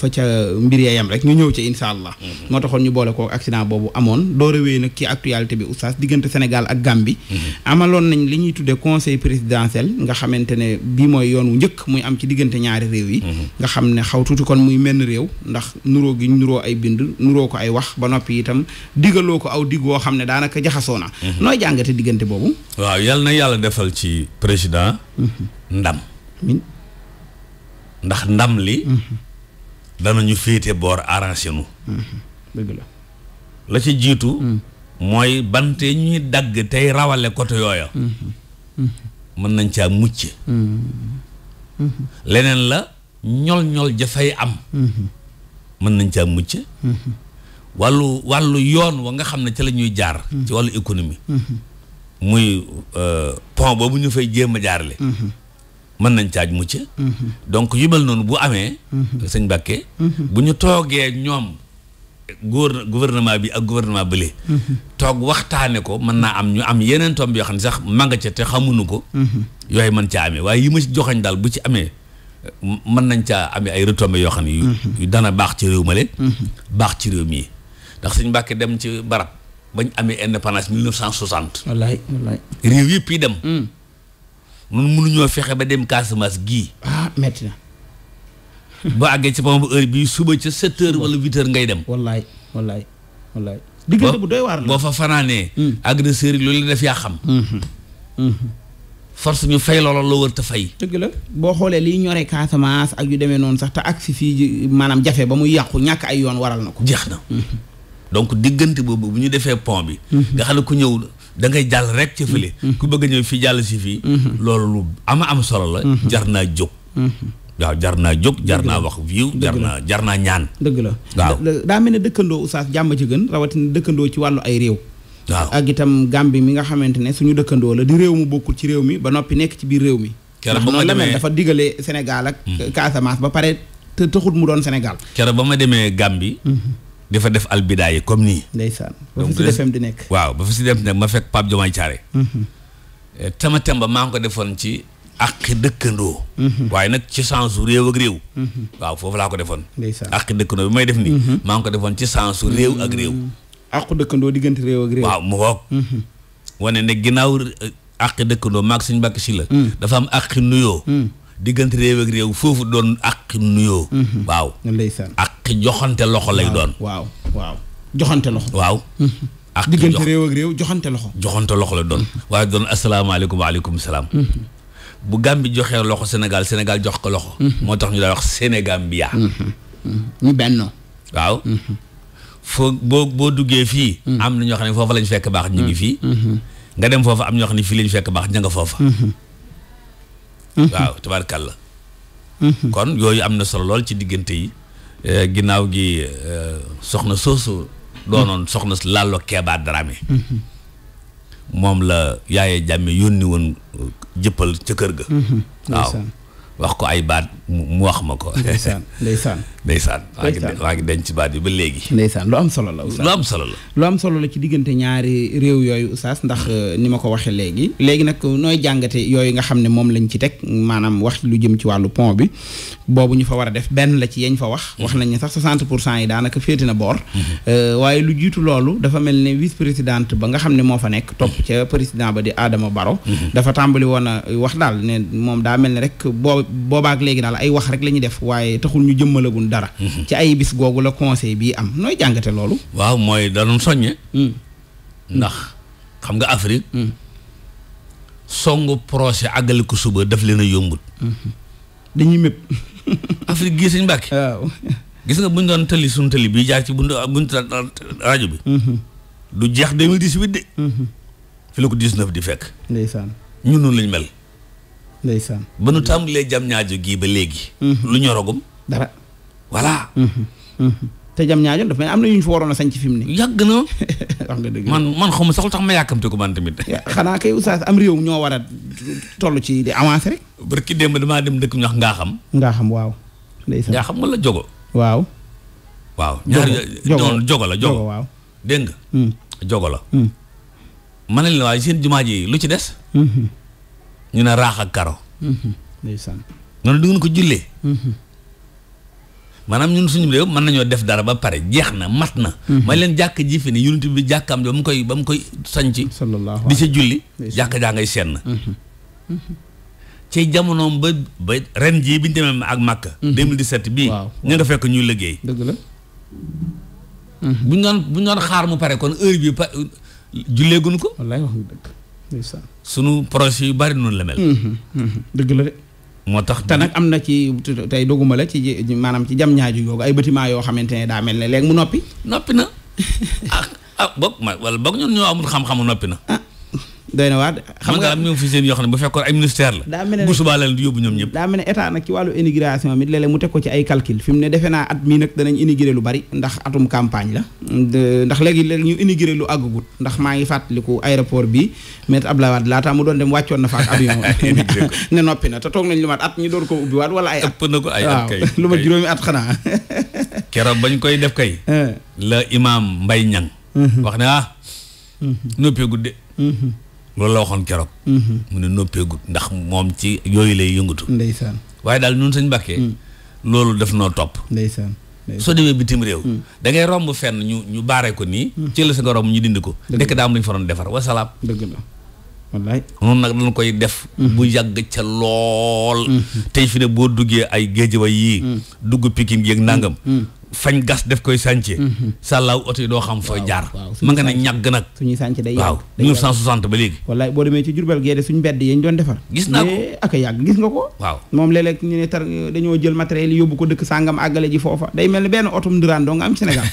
S3: fa ca mbir ya ñu ñëw ci incha allah. Mhm. moo taxoon ñu boole koo accident boobu amoon doo rewee nag ci actualité bi oustaz diggante Sénégal ak Gambie. Mhm. amaloon nañ li ñuy tuddee conseil présidentiel nga xamante ne bii mooy yoon wu njëkk muy am ci diggante ñaari réew yi. nga xam ne xaw tuuti kon muy menn réew ndax nuroo gi nuroo ay bind nuroo ko ay wax ba noppi itam digaloo ko aw digg woo xam ne daanaka jaxasoo na. nooy jàngate diggante
S1: boobu. waaw yal na yàlla defal ci président ndam ndax ndam li mhm. danañu fiite boor arrangé nu mhm. la ci jiitu mhm. mooy bante ñuy dagg tey rawale côté yooya mën nañ caa mucc leneen la ñol ñol jafay am mën nañ caa mucc wàllu wàllu yoon wa nga xam ne ca la ñuy jaar ci wàllu économie muy euh, pont boobu ñu fay jéem a jaarale. Mhm. mën nañ caaj mucc. Mhm. donc yu mel noonu bu amee. Mhm. sëñ Bakke. bu ñu toogee ñoom. góor gouvernement bi ak gouvernement bële. toog waxtaane ko mën naa am ñu am yeneen tomb yoo xam ne sax manga ca te xamuñu ko. yooyu mën caa amee waaye yi ma ci joxañ daal bu ci amee mën nañ caa amee ay retombées yoo xam ne. yu dana baax ci réew ma le baax ci réew mii ndax sëñ Bakke dem ci barab. bañ amee indépendance 1960.
S2: wallaay wallaay.
S1: réew yëpp yi dem. ñun hmm. mënuñoo fexe ba dem Casamance gii. ah métti na. boo àggee ci pamam bu heure bii suba ca sept heures wala huit ngay dem. wallaay wallaay wallaay. diggante bu doy waar la boo fa fanaanee. Hmm. agresseur yi loolu la def yaa xam. Hmm. force ñu fay loola loo wër te la boo xoolee liy ñoree
S3: Casamance ak yu demee noonu sax te ak si fii maanaam jafe ba muy yàqu ñàkk ay yoon waral na ko. jeex
S2: na.
S1: donc diggante boobu bu ñu defee pont bi. Mhm. nga xam ne ku ñëw da ngay jàll rek ci fële. Mhm. ku bëgg ñëw fii jàll si fii. Mhm. loolu lu ama am solo la. jar naa jóg. waaw jar naa jóg jar naa wax yiw jar naa jar naa ñaan.
S3: dëgg la waaw daa mel ne dëkkandoo Oustaz jàmm ci gën rawatina dëkkandoo ci wàllu ay réew. waaw ak itam Gàmbi mi nga xamante ne suñu dëkkandoo la di réew mu bokkul ci réew mi ba noppi nekk ci biir réew mi. keroog ba ma demee dafa digale Sénégal ak. ba pare te taxut mu doon Sénégal.
S1: keroog ba ma demee Gàmbi. di fa def albidaay yi comme nii. ndeysaan ba fi Sud FM di nekk. waaw ba fi Sud FM di nekk ma fekk Pape Diomaye Thiaré. Mm-hmm. Eh, tama tamba maa ngi ko defoon ci. ak dëkkandoo. Mm-hmm. waaye nag ci sensu réew ak réew. Mm-hmm. waaw laa ko defoon. ndeysaan ak dëkkandoo bi may def maa ngi ko defoon ci sensu réew ak réew. ak
S3: diggante réew ak
S1: réew. waaw mu ngoog. wane ne ginnaaw eh, ak dëkkandoo maag suñu mbàkk si la. Mm. dafa am ak nuyoo. Mm. diggante réew ak réew foofu doon ak nuyoo. Mhm. waaw ndeysaan ak joxante loxo lay doon. waaw waaw joxante loxo. waaw.
S3: Mhm. ak diggante réew joxante loxo. joxante
S1: loxo la doon. Mhm. waaye doon asalaamaaleykum waaleykum salaam. bu Gambie joxee loxo senegal senegal jox ko loxo. moo tax ñu daal wax Sénégambia. ñu benn. waaw. foo boo boo duggee fii. am na ñoo xam ne foofa lañ fekk baax ñu ngi fii. nga dem foofa am ñoo xam ne fii lañ fekk baax ña nga foofa. waaw la kon yooyu am na solo lool ci diggante yi eh, ginnaaw gi eh, soxna soosu doonoon soxna Lalo Keba Dramé moom la yaaye jàmme yónni eh, jëppal ca kër ga mhm. waaw wax ko ay baat mu wax ma ko. ndeysaan ndeysaan. ndeysaan waa ngi denc baat yi ba léegi. ndeysaan lu
S3: am solo la. lu am solo la. lu am solo la ci diggante ñaari réew yooyu oustaz ndax euh, ni ma ko waxee léegi. léegi nag nooy jàngate yooyu nga xam ne moom lañ ci teg maanaam wax lu jëm ci wàllu pont bi boobu fa war a def benn la ci yañ fa wax. Mhm. wax nañ sax 60 pour cent yi daanaka féete na boor. Mhm. Euh, waaye lu jiitu loolu dafa mel ne vice présidente ba nga xam ne moo fa nekk topp mhm. ca président ba di Adama Baro. dafa tàmbali woon wax daal ne moom daa mel ne rek boobaak léegi daal ay wax rek la ñuy def waaye taxul ñu jëmmalagun dara mhm. ci ay bis googu la conseil bii am nooy jàngate
S1: loolu waaw mooy danoon soññe hmm. ndax xam nga Afrique hmm. songu projet àggale ko suba daf leen a yombul hmm. dañuy mépp Afrique gii sañ mbàkke waaw gis nga buñ doon tëli suñu tëli bii jaar ci buñ buñ rajo bi du jeex 2018 de fi la ko 19 di fekk ndeysaan ñun noonu lañ mel ndeysaan ba nu tàmbalee jam ñaajo gii ba léegi. Mhm. lu ñoragum.
S3: dara voilà. Mhm. Mhm. te jam ñaajo dafa mel am na ñu ñu fa
S1: waroon a sañ ci fi mu ne. yàgg na. wax man man xaw ma sax tax ma yàkkamte ko man tamit. xanaa kay oustaz am réew ñoo war a toll ci di avancé rek. barki démb damaa dem dëkk ñu ngaa xam. ngaa xam waaw. ndeysaan ngaa xam wala jogo. waaw. waaw ñaar jogo jogo waaw. dégg nga. Hmm. jogo la. Hmm. ma ne la waaye seen jumaa ji lu ci des. Hmm. ñu ne raax ak karo.
S2: Mm-hmm. ndeysaan.
S1: noonu du ngeen ko jullee. Mm-hmm. maanaam ñun suñu réew mën nañoo def dara ba pare jeex na mat na. Mm-hmm. ma leen jàkk ji fi ne unité bi jàkkaam ba mu koy ba mu koy sañci. di sa julli. jàkk jaa ngay seen na. ci jamonoom ba ba ren jii bi ñu demee ak Makka. 2017 bii. waaw ñu nga fekk ñuy liggéey. dëgg la. bu ñu doon bu ñu xaar mu pare kon heure bi pa jullee guñu ko. wallaay sunu projet yu bari noonu la mel. Mhm, mhm. dëgg la de. moo tax te nag am na ci
S3: tey doguma la ci maanaam ci jam ñaaju yoogu ay bâtiment yoo xamante ne daa mel ne léegi mu noppi. noppi na
S1: ah ah ma wala boog ñun ñoo amul xam-xamu noppi na. Ah, doy na waat xam nga am ñoom fi seen yoo xam ne bu fekkoon ay ministère la daa mel ne bu subaa la di yóbbu ñoom ñëpp
S3: daa mel ne état nag ci wàllu immigration mi léeg mu teg ko ci ay calcul fi ne defe naa at mii nag danañ immigré lu bari ndax atum campagne la ndax léegi léegi ñu immigré lu àggagut ndax maa ngi fàttaliku aéroport bi maître Abdoulaye Wade laata mu doon dem wàccoon na fa ak avion ne noppi na te toog nañ lu mat at ñu door ko ubbi waat wala ay at
S1: ëpp ay at kay lu ma juróomi at xanaa keroog bañ koy def kay eh. la imam Mbaye Niang mm-hmm. wax ne ah mm-hmm. noppee gudde mm-hmm. loolu la waxoon keroog. Mhm. mu ne noppeegut ndax moom ci yooyu lay yëngatu. ndeysaan waaye daal ñun sëñ Mbàkke. Mm. loolu def noo topp. ndeysaan soo demee bitim réew. Mm. da ngay romb fenn ñu ñu baaree ko nii. Mm. ci la sa nga romb ñu dindi ko. dëkk daa am lu fa doon defar wasalaam. dëgg la wallaay. noonu nag dañ koy def. Mm-hmm. bu yàgg ca lool. Mm-hmm. tey fi ne boo duggee ay géej wa yii. dugg pikin gi ak nangam. fañ gas def koy sànce mhm. sàllaaw oto yi doo xam foo jaar ma nga ne ñàgg nag suñuy sànce day waaw 1960 ba léegi wallaay boo demee
S3: ci Jurbel gee de suñu bedd yi doon defar gis naa ko eh, ak a yàgg gis nga ko waaw moom léeg ñu ne tar dañoo jël matériel yóbbu ko dëkk sàngam àggale ji foofa day mel ni benn otum nduraan doo nga am Sénégal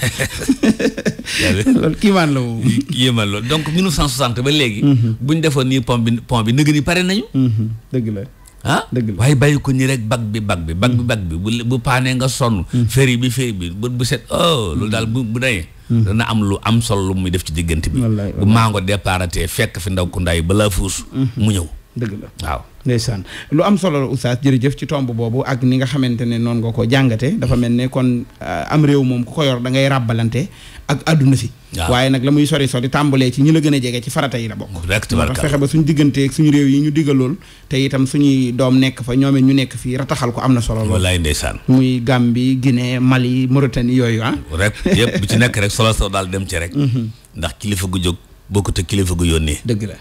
S1: loolu kiimaan la moom kiimaan loolu donc ñu cent 1960 ba léegi mhm. buñ defoo nii pont bi pont bi nëgë ni pare nañu mhm. dëgg la ah waaye bàyyi ko nii rek bag bi bag bi bag bi mm. bi bu bu paanee nga sonn mm. féri bi féri bi bu bu set oh mm. loolu daal bu bu dayee dana am lu am solo lu muy def ci diggante bi bu maango départé fekk fi ndaw ku ndaay balaa fuus mu ñëw
S3: dëgg waaw ndeysaan lu am solo la oustaz jërëjëf ci tomb boobu ak ni nga xamante ne noonu nga ko jàngate dafa mel ne kon euh, am réew moom ku ko yor da ngay ràbbalante ak àdduna si waaye nag la muy sori sori tàmbalee ci ñi la gën a jege ci farata yi la bokk moo
S2: tax fexe
S3: ba suñu diggante suñu réew yi ñu diggal lool te itam suñuy doom nekk fa ñoomee ñu nekk fii rataxal ko am na solo lool
S1: wallaay ndeysaan
S3: muy Gambie Guinée Mali Mauritanie yooyu ah
S1: rek yëpp bu ci nekk rek solo soo daal dem ci rek mhm. ndax kilifa gu jóg bokkut ak kilifa gu yónnee dëgg la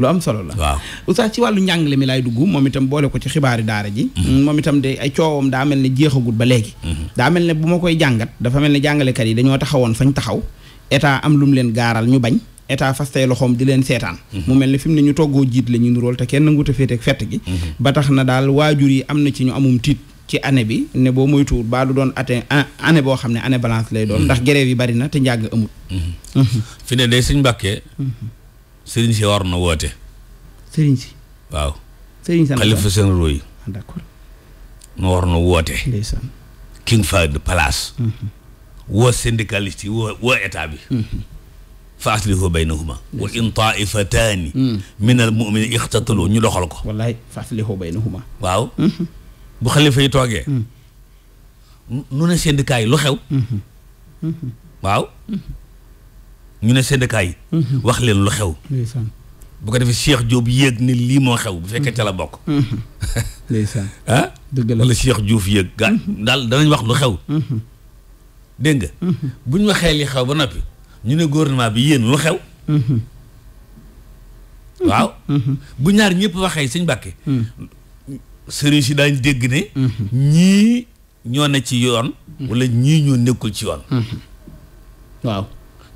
S3: lu am solo la waaw oustaz ci wàllu njàngale mi laay dugg moom itam boole ko ci xibaari daara ji mm-hmm. moom itam de ay coowam daa mel ne jeexagul ba léegi mm-hmm. daa mel ne bu ma koy jàngat dafa mel ne jàngalekat yi dañoo taxawoon fañ taxaw état am lu mu leen gaaral ñu bañ état fastay loxoom di leen seetaan mm-hmm. mu mel ne fim mu ne ñu toggoo jiit la ñu nuróol te kenn nangu te féete ak fett gi ba tax na daal waajur yi am na ci ñu amum tiit ci année bi ne boo moytuwul baa du doon atteint année boo xam ne année balance lay doon ndax grève yi bari na te njàng
S1: amul fi sëriñ si war na woote. sëriñ si. waaw. sëriñ si xalifa seen roy. nu war na woote. ndeysaan. king fa de place. Mhm. woo syndicaliste woo woo bi. Mhm. fa aslihu baynahuma wa in taifataani min mhm. al mu'minin ñu doxal ko. wallaay fa aslihu baynahuma waaw. bu xalifa yi toogee. nu ne syndicat lu xew. waaw. ñu ne syndicat yi. Mhm. wax leen lu xew. bu ko defee Cheikh Diop yéeg ne lii moo xew. bu fekkee ca la bokk.
S2: Mhm. ndeysaan.
S1: ah dëgg la wala Cheikh Diouf yéeg. gaa mhm. daal danañ wax lu xew. dégg nga. waxee li xew ba noppi ñu ne gouvernement bi yéen lu xew. waaw. bu ñaar ñëpp waxee sëñ Mbàkke. sëriñ si daañ dégg ne. ñii ñoo ne ci yoon. wala ñii ñoo nekkul ci yoon.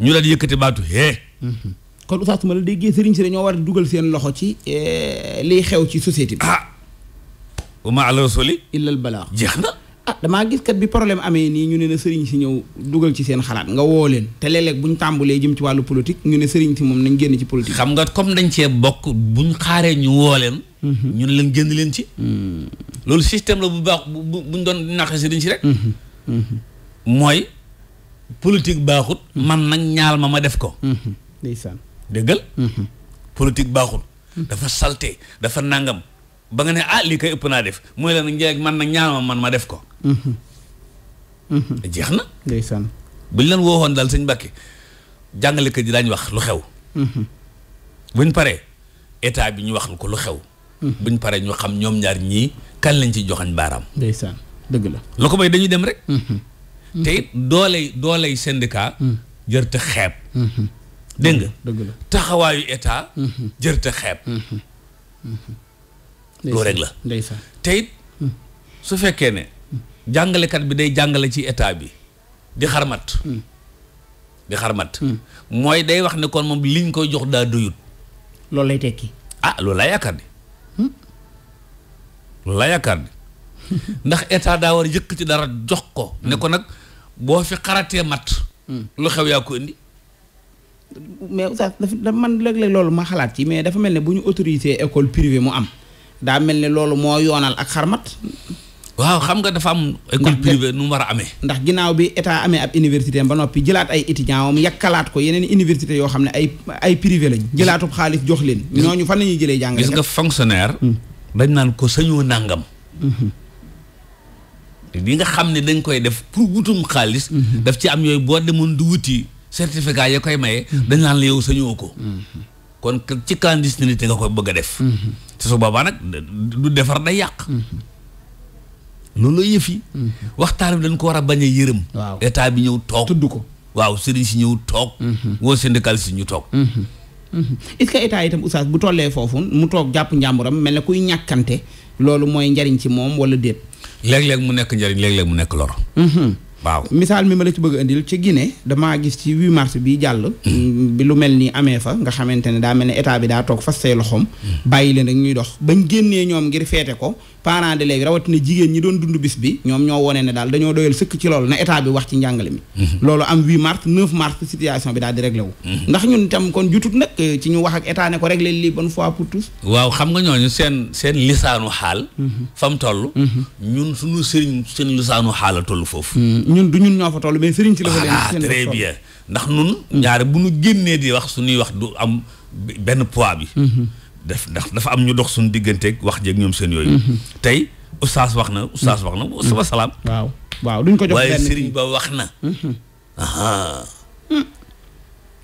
S1: ñu daal yëkkati baatu hee.
S2: Mhm.
S3: kon oustaz su ma la déggee sëriñ si dañoo war a dugal seen loxo ci eh, liy xew ci société bi. ah. wa maa ala rasuli illal balaa jeex na. ah damaa gis kat bi problème amee nii ñu ne na sëriñ si ñëw dugal ci seen xalaat nga woo leen te léeg buñ bu tàmbalee jëm ci wàllu politique ñu ne sëriñ si moom nañ génn ci politique. xam nga comme dañ cee bokk buñ
S1: xaaree ñu woo leen. Mhm. ñu ne leen génn leen ci. Mhm. loolu système la bu baax bu buñ doon naqe sëriñ si mooy. politique baaxut man nag ñaal ma ma def ko mhm. ndeysaan déggal mhm. politique baaxut mhm. dafa salte dafa nangam ba nga ne ah lii koy ëpp naa def mooy leen nag njeeg man nag ñaal ma man ma def ko jeex na ndeysaan buñ leen woowoon daal sëñ Mbàkke jàngalekat yi daañ wax lu xew buñ pare état bi ñu wax ko lu xew buñ paree ñu xam ñoom ñaar ñii kan lañ ci joxañ baaraam ndeysaan dëgg la lu ko bay dañuy dem rek te doole dooley dooley syndicat. Mm. jërta xeeb. Mm-hmm. dégg nga taxawaayu état. Mm-hmm. jërta xeeb.
S2: Mm-hmm. loolu rek la ndeysaan
S1: te mm. su fekkee ne mm. jàngalekat bi day jàngale ci état bi di xarmat di xarmat mooy day wax ne kon moom liñ koy jox daa doyut loolu lay tekki ah loolu laa yaakaar ni hmm? loolu laa yaakaar ni ndax état daa war yëkk ci dara jox ko ne nag boo fi xaratee mat. Hmm. lu xew yaa ko indi.
S3: mais oustaz dafa man léeg-léeg loolu ma xalaat ci mais dafa mel ne bu ñu autorisé école privée mu am daa mel ne loolu moo yoonal ak xarmat waaw xam nga
S1: dafa am école privée nu mu war a amee
S3: ndax ginnaaw bi état amee ab université ba noppi jëlaat ay étudiants am yakkalaat ko yeneen université yoo xam ne ay ay privé lañ jëlaatub xaalis jox leen ñooñu fan la ñuy
S1: jëlee jàng gis nga fonctionnaire hmm. dañ naan ko sañoo nàngam hmm. li nga xam ne dañ koy def pour wutum xaalis. Mhm. daf ci am yooyu boo demoon du wuti certificat ya koy maye. Mhm. dañ naan la yow sañoo ko. Mhm. kon ci clandestinité nga koy bëgg a def. te su boobaa nag du defar day yàq. loolu la yëf yi. waxtaan bi dañ ko war a bañ a yërëm. waaw état bi ñëw toog tudd ko. waaw sëriñ si ñëw toog. woo syndical si ñu toog.
S3: est-ce que état itam oustaz bu tollee foofu mu toog jàpp njàmburam mel ne kuy ñàkkante. loolu mooy njariñ ci moom wala déet.
S1: léeg-léeg mu nekk njariñ léeg-léeg mu nekk lor.
S3: Mhm. waaw misaal mi ma la ci bëgg a indil ci Guinée damaa gis ci 8 mars bi jàll. Mhm. bi lu mel ni amee fa nga xamante ne daa mel ne état bi daa toog fas say loxoom. Mhm. bàyyi leen rek ñuy dox bañ génnee ñoom ngir feete ko. parents de léegi rawatina jigéen ñi doon dund bis bi ñoom ñoo wone ne daal dañoo doyal sëkk ci loolu na état bi wax ci njàngale mi mhm. loolu am 8 mars 9 mars situation bi daal di réglé wu mhm. ndax ñun tam kon jutut nag eh, ci ñu wax ak état ne ko réglé lii bonne fois pour tous
S1: waaw xam nga ñooñu seen seen lisaanu xaal mhm. fa mu toll ñun suñu sëriñ seen lisaanu xaal a toll foofu
S3: ñun du ñun ñoo fa toll mais sëriñ ci la fa leen
S1: ndax ñun ñaare bu ñu génnee di wax suñuy wax du am benn pois bi def ndax dafa am ñu dox suñu digganteeg wax jeeg ñoom seen yooyu. Mhm. tey oustaz wax na oustaz wax na mhm. wa salaam. waaw waaw ko jox waaye Serigne Ba wax na. Mhm.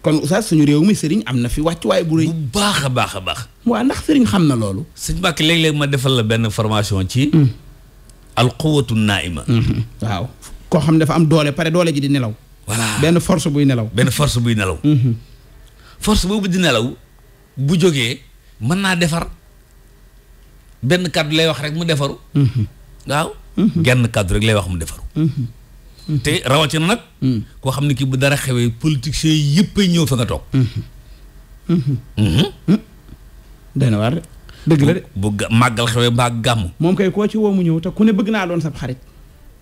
S3: kon oustaz suñu réew mi sëriñ am na fi wàccuwaay bu rëy. bu
S1: baax a baax a baax. waaw
S3: ndax sëriñ xam na loolu.
S1: sëñ Mbacke léeg-léeg ma defal la benn formation ci. alquwatu naima.
S3: waaw koo xam ne dafa am doole pare doole ji di nelaw. voilà benn force buy nelaw.
S1: benn force buy nelaw. force boobu di nelaw bu jógee. mën naa defar benn kàddu lay wax rek mu defaru mhm. waaw mhm. genn kàddu rek lay wax mu defaru mhm. te rawatina nag koo xam ne kii bu dara xewee politiciens yëpp a ñëw fa nga toog hmm. dana waar dëgg la de bu màggal xewee baa gàmm
S3: moom kay koo ci woo mu ñëw te ku ne bëgg naa doon sab xarit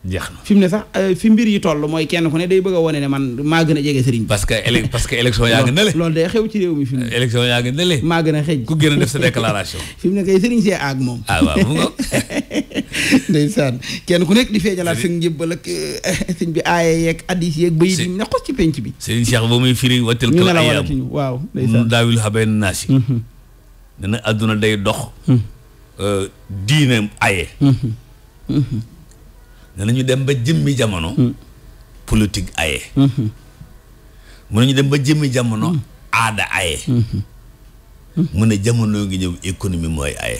S3: jeex na mu ne sax euh, fi mbir yi toll mooy kenn ku ne day bëgg wone wane ne man maa gën a jege sëriñ bi
S1: parce que ele parce que élection yaa ngi nële
S3: loolu day xew ci réew mi fi mu
S1: ne élection yaa ngi nële maa gën a xëj ku gën a def sa déclaration
S3: fi mu ne kay sëriñ see aag moom ah waaw mu ngoog ndeysaan kenn ku nekk di feeñalaat sa njëbbal ak euh, sëñ bi aaye yeeg addis yeeg bay di na xos ci penc bi
S1: sëriñ Cheikh ba muy firi wattel kal ayaam waaw ndeysaan daawil xabeen naasi dana mm-hmm. adduna day dox mm-hmm. euh, diine aye
S2: mm-hmm.
S1: danañu dem ba jëmmi jamono. Hmm. politique aye. Hmm. mën ñu dem ba jëmmi jamono. Hmm. aada aye. mu ne jamono ngi ñëw économie mooy aye.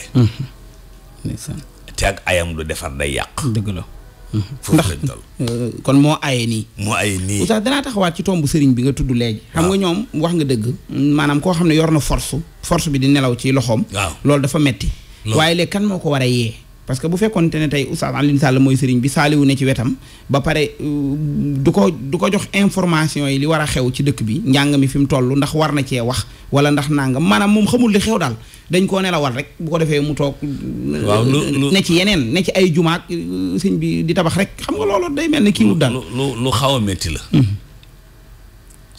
S1: te ak ayam lu defar day yàq. dëgg la.
S3: ndax euh, kon moo aye nii.
S1: moo aye nii. oustaz
S3: danaa taxawaat ci tombu sëriñ bi nga tudd léegi. xam nga ñoom wax nga dëgg. maanaam koo xam ne yor na force. force bi di nelaw ci loxoom. waaw loolu dafa metti waaye léegi moo ko war a yee. parce que bu fekkoonte ne tey oustaz Alioune Sall mooy sëriñ bi saaliwu ne ci wetam ba pare euh, du ko du ko jox information yi li war a xew ci dëkk bi njàng mi fi mu toll ndax war na cee wax wala ndax nangam maanaam moom xamul li xew daal dañ koo nelawal rek bu ko defee mu toog
S2: ne
S3: ci yeneen ne ci ay jumaat euh, sëñ bi
S1: di tabax rek xam nga loolu day mel ne kii wut daal lu lu xaw a métti la hmm.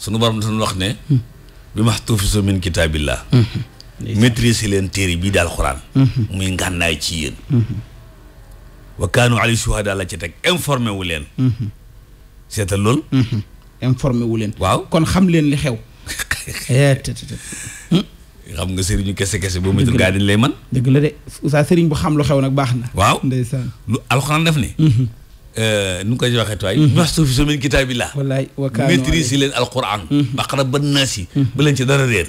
S1: suñu borom dañu wax ne hmm. bi maxtuufisu min kitaabillah hmm. maîtriser leen téere bii daal xuraan mhm. muy ngànnaay ci yéen mhm. wa kaanu ali shuhada la ci teg informé wu leen mhm. seeta lool informé wu leen waaw kon xam leen li xew
S2: eh,
S1: hmm? xam nga sëriñu kese kese boobu métul gaa dañ lay man dëgg la de saa sëriñ bu xam lu xew nag baax na waaw ndeysaan lu alxuraan def ne eh, nu koy waxee tuwaay ñoxtu fi sumin kitaabillah wallaay wa kaanu maîtriser leen alxuraan baqara ban naasi ba leen ci dara réer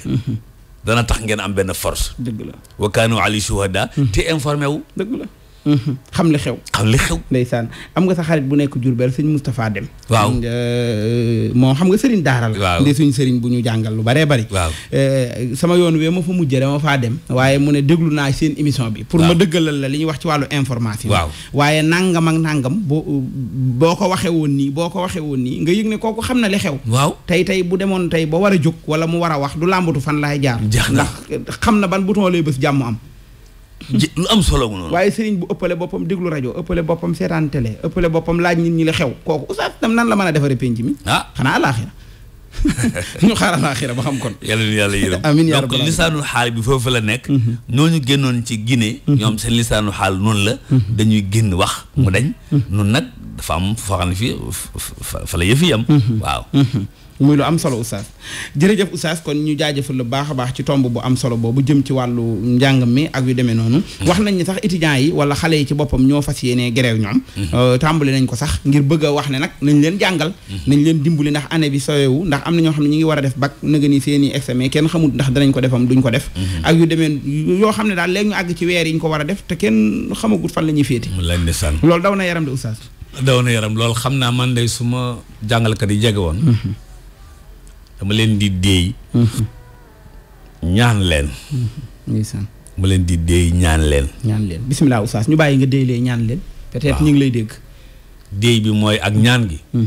S1: dana tax ngeen am benn force. dëgg la wa kaanu ali shuhada. Hmm. te informé wu. dëgg la.
S3: xam li xew. xam li xew. ndeysaan am nga sa xarit bu nekk Jurbel sëñ Moustapha Dem. waaw euh, moom xam nga sëriñ daara la. waaw nde suñ sëriñ bu ñu jàngal lu baree bari. waaw euh, sama yoon wee ma fa mujjee dama faa dem. waaye mu ne déglu naa seen émission bi. pour ma dëggalal la li ñuy wax ci wàllu information. waaw waaye nangam ak nangam boo boo ko waxee woon nii boo ko waxee woon nii nga yëg ne kooku xam na li xew. waaw tey tey bu demoon tey ba war a jóg wala mu war a wax du làmbatu fan laay jaar. ndax xam na ban bouton lay bës jàmm am. lu am solo mu noonu. waaye sëriñ bu ëppale boppam déglu rajo ëppale boppam seetaan télé ëppale boppam laaj nit ñi la xew kooku oustaz tam nan la mën a defaree penc mi. ah xanaa àllaaxira
S1: ñu xaar àllaaxira ba xam kon. yàlla na yàlla yërëm amiin yaa rabbal bi foofu la nekk. ñoo mhm. ñu génnoon ci Guinée. Mhm. ñoom seen lisaanu xaal noonu la. Mhm. dañuy génn wax mu dañ. nun nag dafa am foo xam ne fii fa la yëfi yam waaw
S3: muy lu am solo oustaz jërëjëf oustaz kon ñu jaajëfal lu baax a baax ci tomb bu am solo boobu jëm ci wàllu njàng mi ak yu demee noonu wax nañ ni sax étudiants yi wala xale yi ci boppam ñoo fas yéenee grève ñoom mhm. euh, tàmbali nañ ko sax ngir bëgg a wax ne nag nañ leen jàngal mhm. nañ leen dimbali ndax année bi sowewu ndax am na ñoo xam ne ñi ngi war a def bac naga ni seen i examen kenn xamut ndax danañ ko defam duñ ko def mhm. ak yu yoo xam ne daal léegi ñu ci weer yi ñu ko war a def te fan la ñuy féete loolu daw na yaram de
S1: daw na yaram loolu xam naa man day su jàngalkat yi jege woon dama leen di déey ñaan leen ndeysaan dama leen di déey ñaan leen
S3: ñaan leen bisimilah oustaz ñu bàyyi nga déey lee ñaan leen peut-être ngi lay dégg
S1: déey bi mooy ak ñaan gi hmm.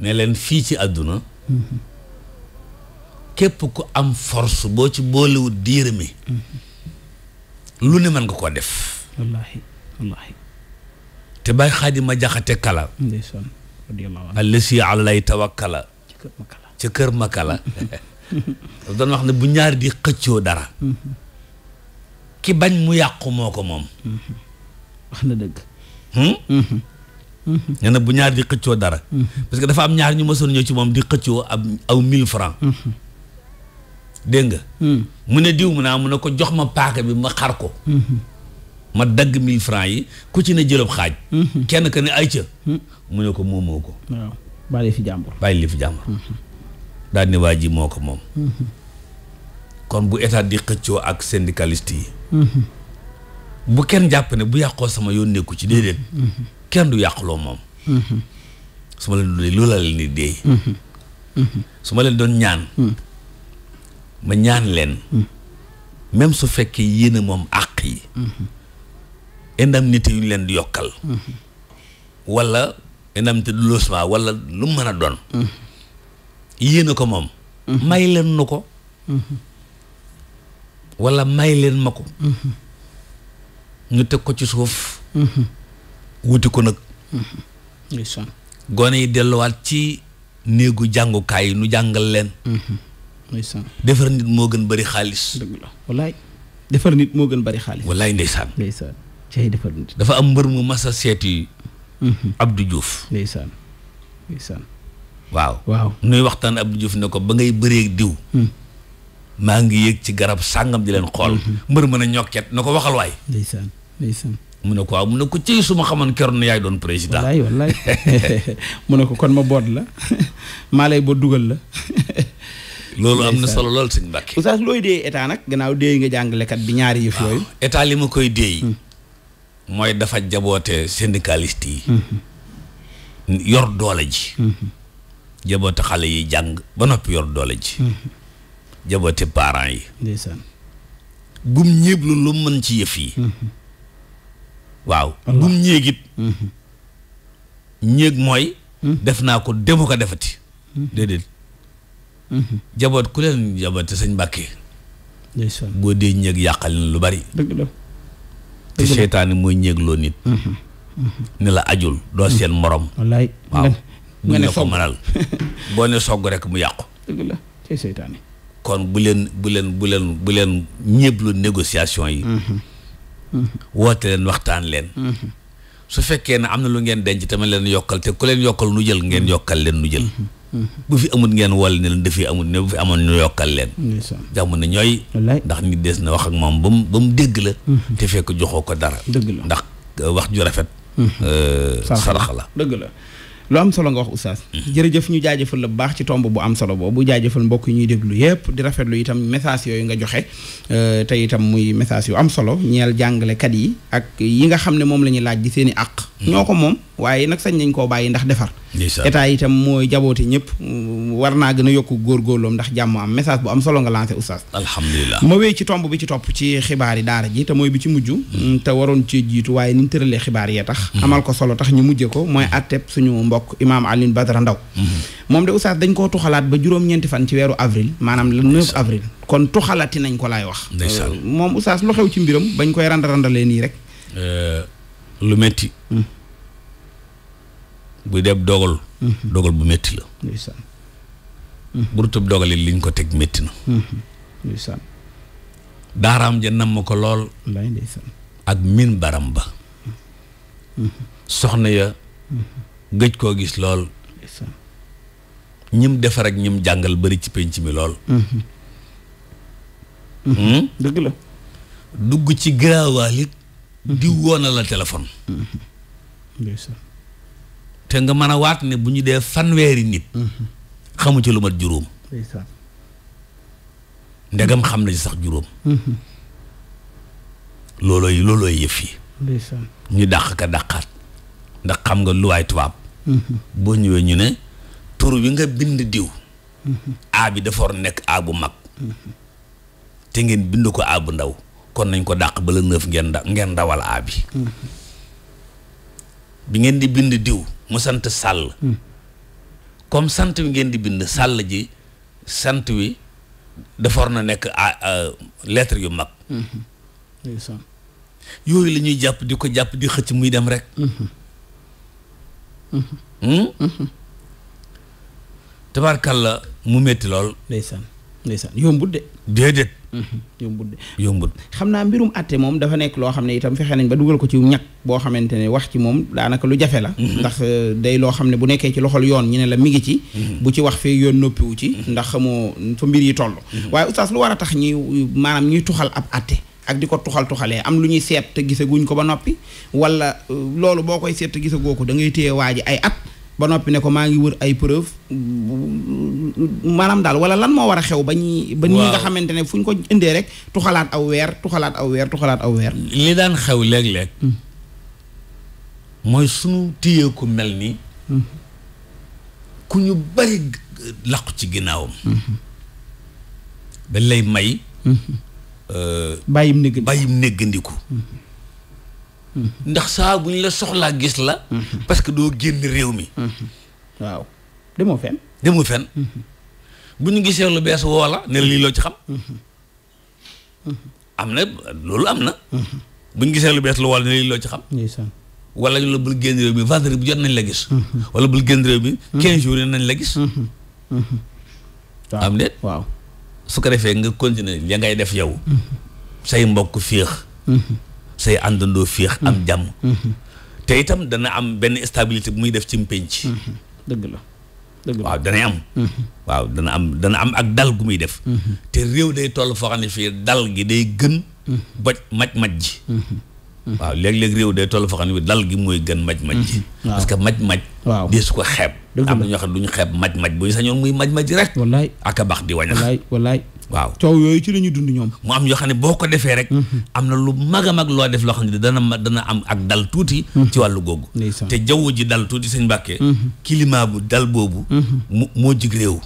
S1: ne leen fii ci àdduna hmm. képp ku am force boo ci boolewul diir mi hmm. lu ne mën nga koo def wallaahi wallaahi te bàyyi xaadima jaxate kala ndeysaan allasi alay tawakkala ca kër Makala daf doon wax ne bu ñaar di xëccoo dara ki bañ mu yàqu moo ko moom wax na dëgg hmm? Hmm. nee na bu ñaar di xëccoo dara hmm. parce que dafa am ñaar ñu mësoon ñëw ci moom di xëccoo am aw mille francs dégg nga mu ne diw mu naa mu ne ko jox ma paaka bi ma xar ko ma dagg mille francs yi ku ci ne jëlab xaaj kenn ka ne ay ca mu ne ko moomoo ko bàyyi fi jàmbur bàyyi li fi jàmbur daal ne waa ji moo ko moom kon bu état di xëccoo ak syndicaliste yi bu kenn jàpp ne bu yàqoo sama yoon nekku ci déedéet kenn du yàqloo moom su ma leen doon loolu la leen di déey su ma leen doon ñaan ma ñaan leen même su fekkee yéen moom àq yi indemnité yu ñu leen di yokkal wala ngeen am te du logement wala lu mën a doon. yéen a ko moom. may leen nu ko. wala may leen ma ko. ñu teg ko ci suuf. wuti ko nag. gone yi delluwaat ci néegu jàngukaay yi nu jàngal leen. defar nit moo gën bari xaalis. la wallaay defar nit moo gën bari xaalis. wallaay ndeysaan. ndeysaan
S3: cay defar nit.
S1: dafa am mbër mu masa yi Mm-hmm. Abdou Diouf. ndeysaan ndeysaan waaw waaw nuy waxtaan Abdou juuf ne ko ba ngay bëree diw. Mm. maa ngi yéeg ci garab sàngam di leen xool. Mm-hmm. mbër mën a ñokket na ko waxal waay.
S2: ndeysaan ndeysaan.
S1: mu ne ko waaw mu ne ko ci suma xamoon keroon yaay doon président.
S3: wallaay wallaay mu ne ko kon ma boot la maa
S1: lay boo dugal la. loolu am na solo lool sëñ Mbàkke. oustaz looy dee état nag gannaaw
S3: dee nga jàngalekat bi ñaari yëf yooyu.
S1: état li ma koy dee. Mm. mooy dafa jaboote syndicaliste yi
S2: mm-hmm.
S1: yor doole ji mm-hmm. jaboote xale yi jàng ba noppi yor doole ji mm-hmm. jaboote parents yi ndeysaan bum ñéeb lu lu mën ci yëf yi waaw bum ñéegit ñéeg mooy def naa ko demu ko defati déedéet jaboot ku leen jaboote sañ mbàkkee ndeysaan boo dee ñéeg yàqal lu bari te seytaane mooy ñéegloo nit ni la ajul doo seen morom wallaay
S2: waaw nga ne ko
S1: boo ne sogg rek mu yàqu dëgg kon bu leen bu leen bu leen bu leen négociation yi woote leen waxtaan leen su fekkee ne am na lu ngeen denc tamit leen yokkal te ku leen yokkal nu jël ngeen yokkal leen nu jël bu fi amut ngeen wol ne leen dafi amut ne bu fi amoon ñu yokkal leen fi ne ñooy ndax nit des na wax ak moom ba mu ba dégg la mm-hmm. te fekk joxoo ko dara ndax euh, wax ju rafet mm-hmm. euh, sarax la
S3: dëgg la lu am solo nga wax oustaz mm-hmm. jërëjëf ñu jaajëfal la bu baax ci tomb bu am solo boobu jaajëfal mbokk yi ñuy déglu yëpp di rafetlu itam message yooyu nga joxe euh, te itam muy message yu am solo ñeel jàngalekat yi ak yi nga xam ne moom la laaj di seen àq ñoo ko moom waaye nag sañ nañ koo bàyyi ndax defar état itam mooy jaboote ñëpp war naa gën a yokk góorloom ndax jàmm am message bu am solo nga lancé oustaz
S1: alhamdulilah
S3: ma wéy ci tomb bi ci topp ci xibaar yi daara ji te mooy bi ci mujj hmm. te waroon ci jiitu waaye ni ñu tëralee xibaar yee tax hmm. amal ko solo tax ñu mujje ko mooy hmm. atteb suñu mbokk imaam Alioune Badara Ndaw moom de oustaz dañ koo tuxalaat ba juróom-ñeenti fan ci weeru avril maanaam le 9 avril kon tuxalati nañ ko laay wax euh, moom oustaz lu xew ci mbiram bañ koy randa randalee nii rek
S1: euh, lu metti bu deb dogal mm-hmm. dogal bu metti la ndeysaan mm-hmm. buru liñ ko teg métti na mm-hmm. daaraam ja nam ma ko lool ak min baram ba soxna ya gëj koo gis lool ñim defar ak ñim jàngal bari ci penc mi lool
S2: hmm?
S1: dugg ci giraawaal it di la téléphone te nga mën a waat ne bu ñu dee fanweeri nit. Mm-hmm. xamu ci lu juróom. ndegam xam nañ sax juróom. Mm-hmm. loolooy loolooy yëf yi. ñu dàq ka dàqaat. ndax xam nga luwaay tubaab. Mm-hmm. boo ñëwee ñu ne tur wi nga bind diw. a bi dafa nekk a bu mag. te ngeen bind ko a bu ndaw kon nañ ko dàq ba la neuf ngeen da ngeen dawal bi. bi ngeen di bind diw mu sant sàll hmm. comme sant wi ngeen di bind sàll ji sant wi defar na nekk lettre yu mag hmm. yooyu la jàpp di ko jàpp di xëcc muy dem rek hmm. tabarkalla mu metti lool ndeysaan ndeysaan yombut de Mm-hmm. yombut de yombut
S3: xam naa mbirum atte moom dafa nekk loo xam ne itam fexe nañ ba dugal ko ci ñag boo xamante ne wax ci moom daanaka lu jafe la mm-hmm. ndax euh, day loo xam ne bu nekkee ci loxol yoon ñu ne la mi ngi ci mm-hmm. bu ci wax fee yoon noppiwu ci ndax xamoo fa mbir yi toll waaye oustaz lu war a tax ñuy maanaam ñuy tuxal ab atte ak di ko tuxal tuxalee am lu ñuy seet te gisaguñ ko ba noppi wala euh, loolu boo koy seet te gisagoo ko da ngay téye waa ji ay at ba noppi ne ko maa ngi wër ay preuve maanaam daal wala lan moo war a xew ba ñuy ba nii nga xamante ne fu ñu ko indee rek tuxalaat aw weer tuxalaat aw weer tuxalaat aw weer
S1: li daan xew léeg-léeg hmm. mooy sunu téyee ko mel ni hmm. ku ñu bari laqu ci ginnaawam hmm. dañ lay may euh, bàyyim néggandiku bàyyim néggandiku ndax saa bu ñu la soxlaa gis la. parce que doo génn réew mi. waaw demoo fenn. demoo fenn. bu ñu gisee lu bees woo la lii loo ci xam. am na loolu am na. bu gisee lu bees la ne loo ci xam. wala ñu la bul génn réew mi vendredi bu jot nañ la gis. wala bul génn réew mi. 15 jours yi nañ la gis. am déet su ko defee nga continuer ya ngay def yow. say mbokk féex. say àndandoo féex am mm-hmm. jàmm mm-hmm. te itam dana am benn stabilité bu muy def ci mpénc mm-hmm. dëgg la waaw danay am waaw dana am dana am ak dal gu muy def te réew day toll foo xam ne fii dal gi day gën boj maj-maj ji waaw léeg-léeg réew day toll foo xam ne fii dal gi mooy gën maj-maj ji parce maj-maj waaw dee su ko xeeb am na ñoo xam ne ñu xeeb maj-maj bu ñu sañoon muy maj-maj rek wallaay ak a bax di wañax wallaay wallaay waaw coow yooyu ci la ñuy dund ñoom mu am yoo xam ne boo ko defee rek mhm. am na lu mag a mag loo def loo xam ne dana dana am ak dal tuuti mhm. ci wàllu googu te jaww ji dal tuuti sëñ Mbàkke mhm. climat bu dal boobu moo jig réew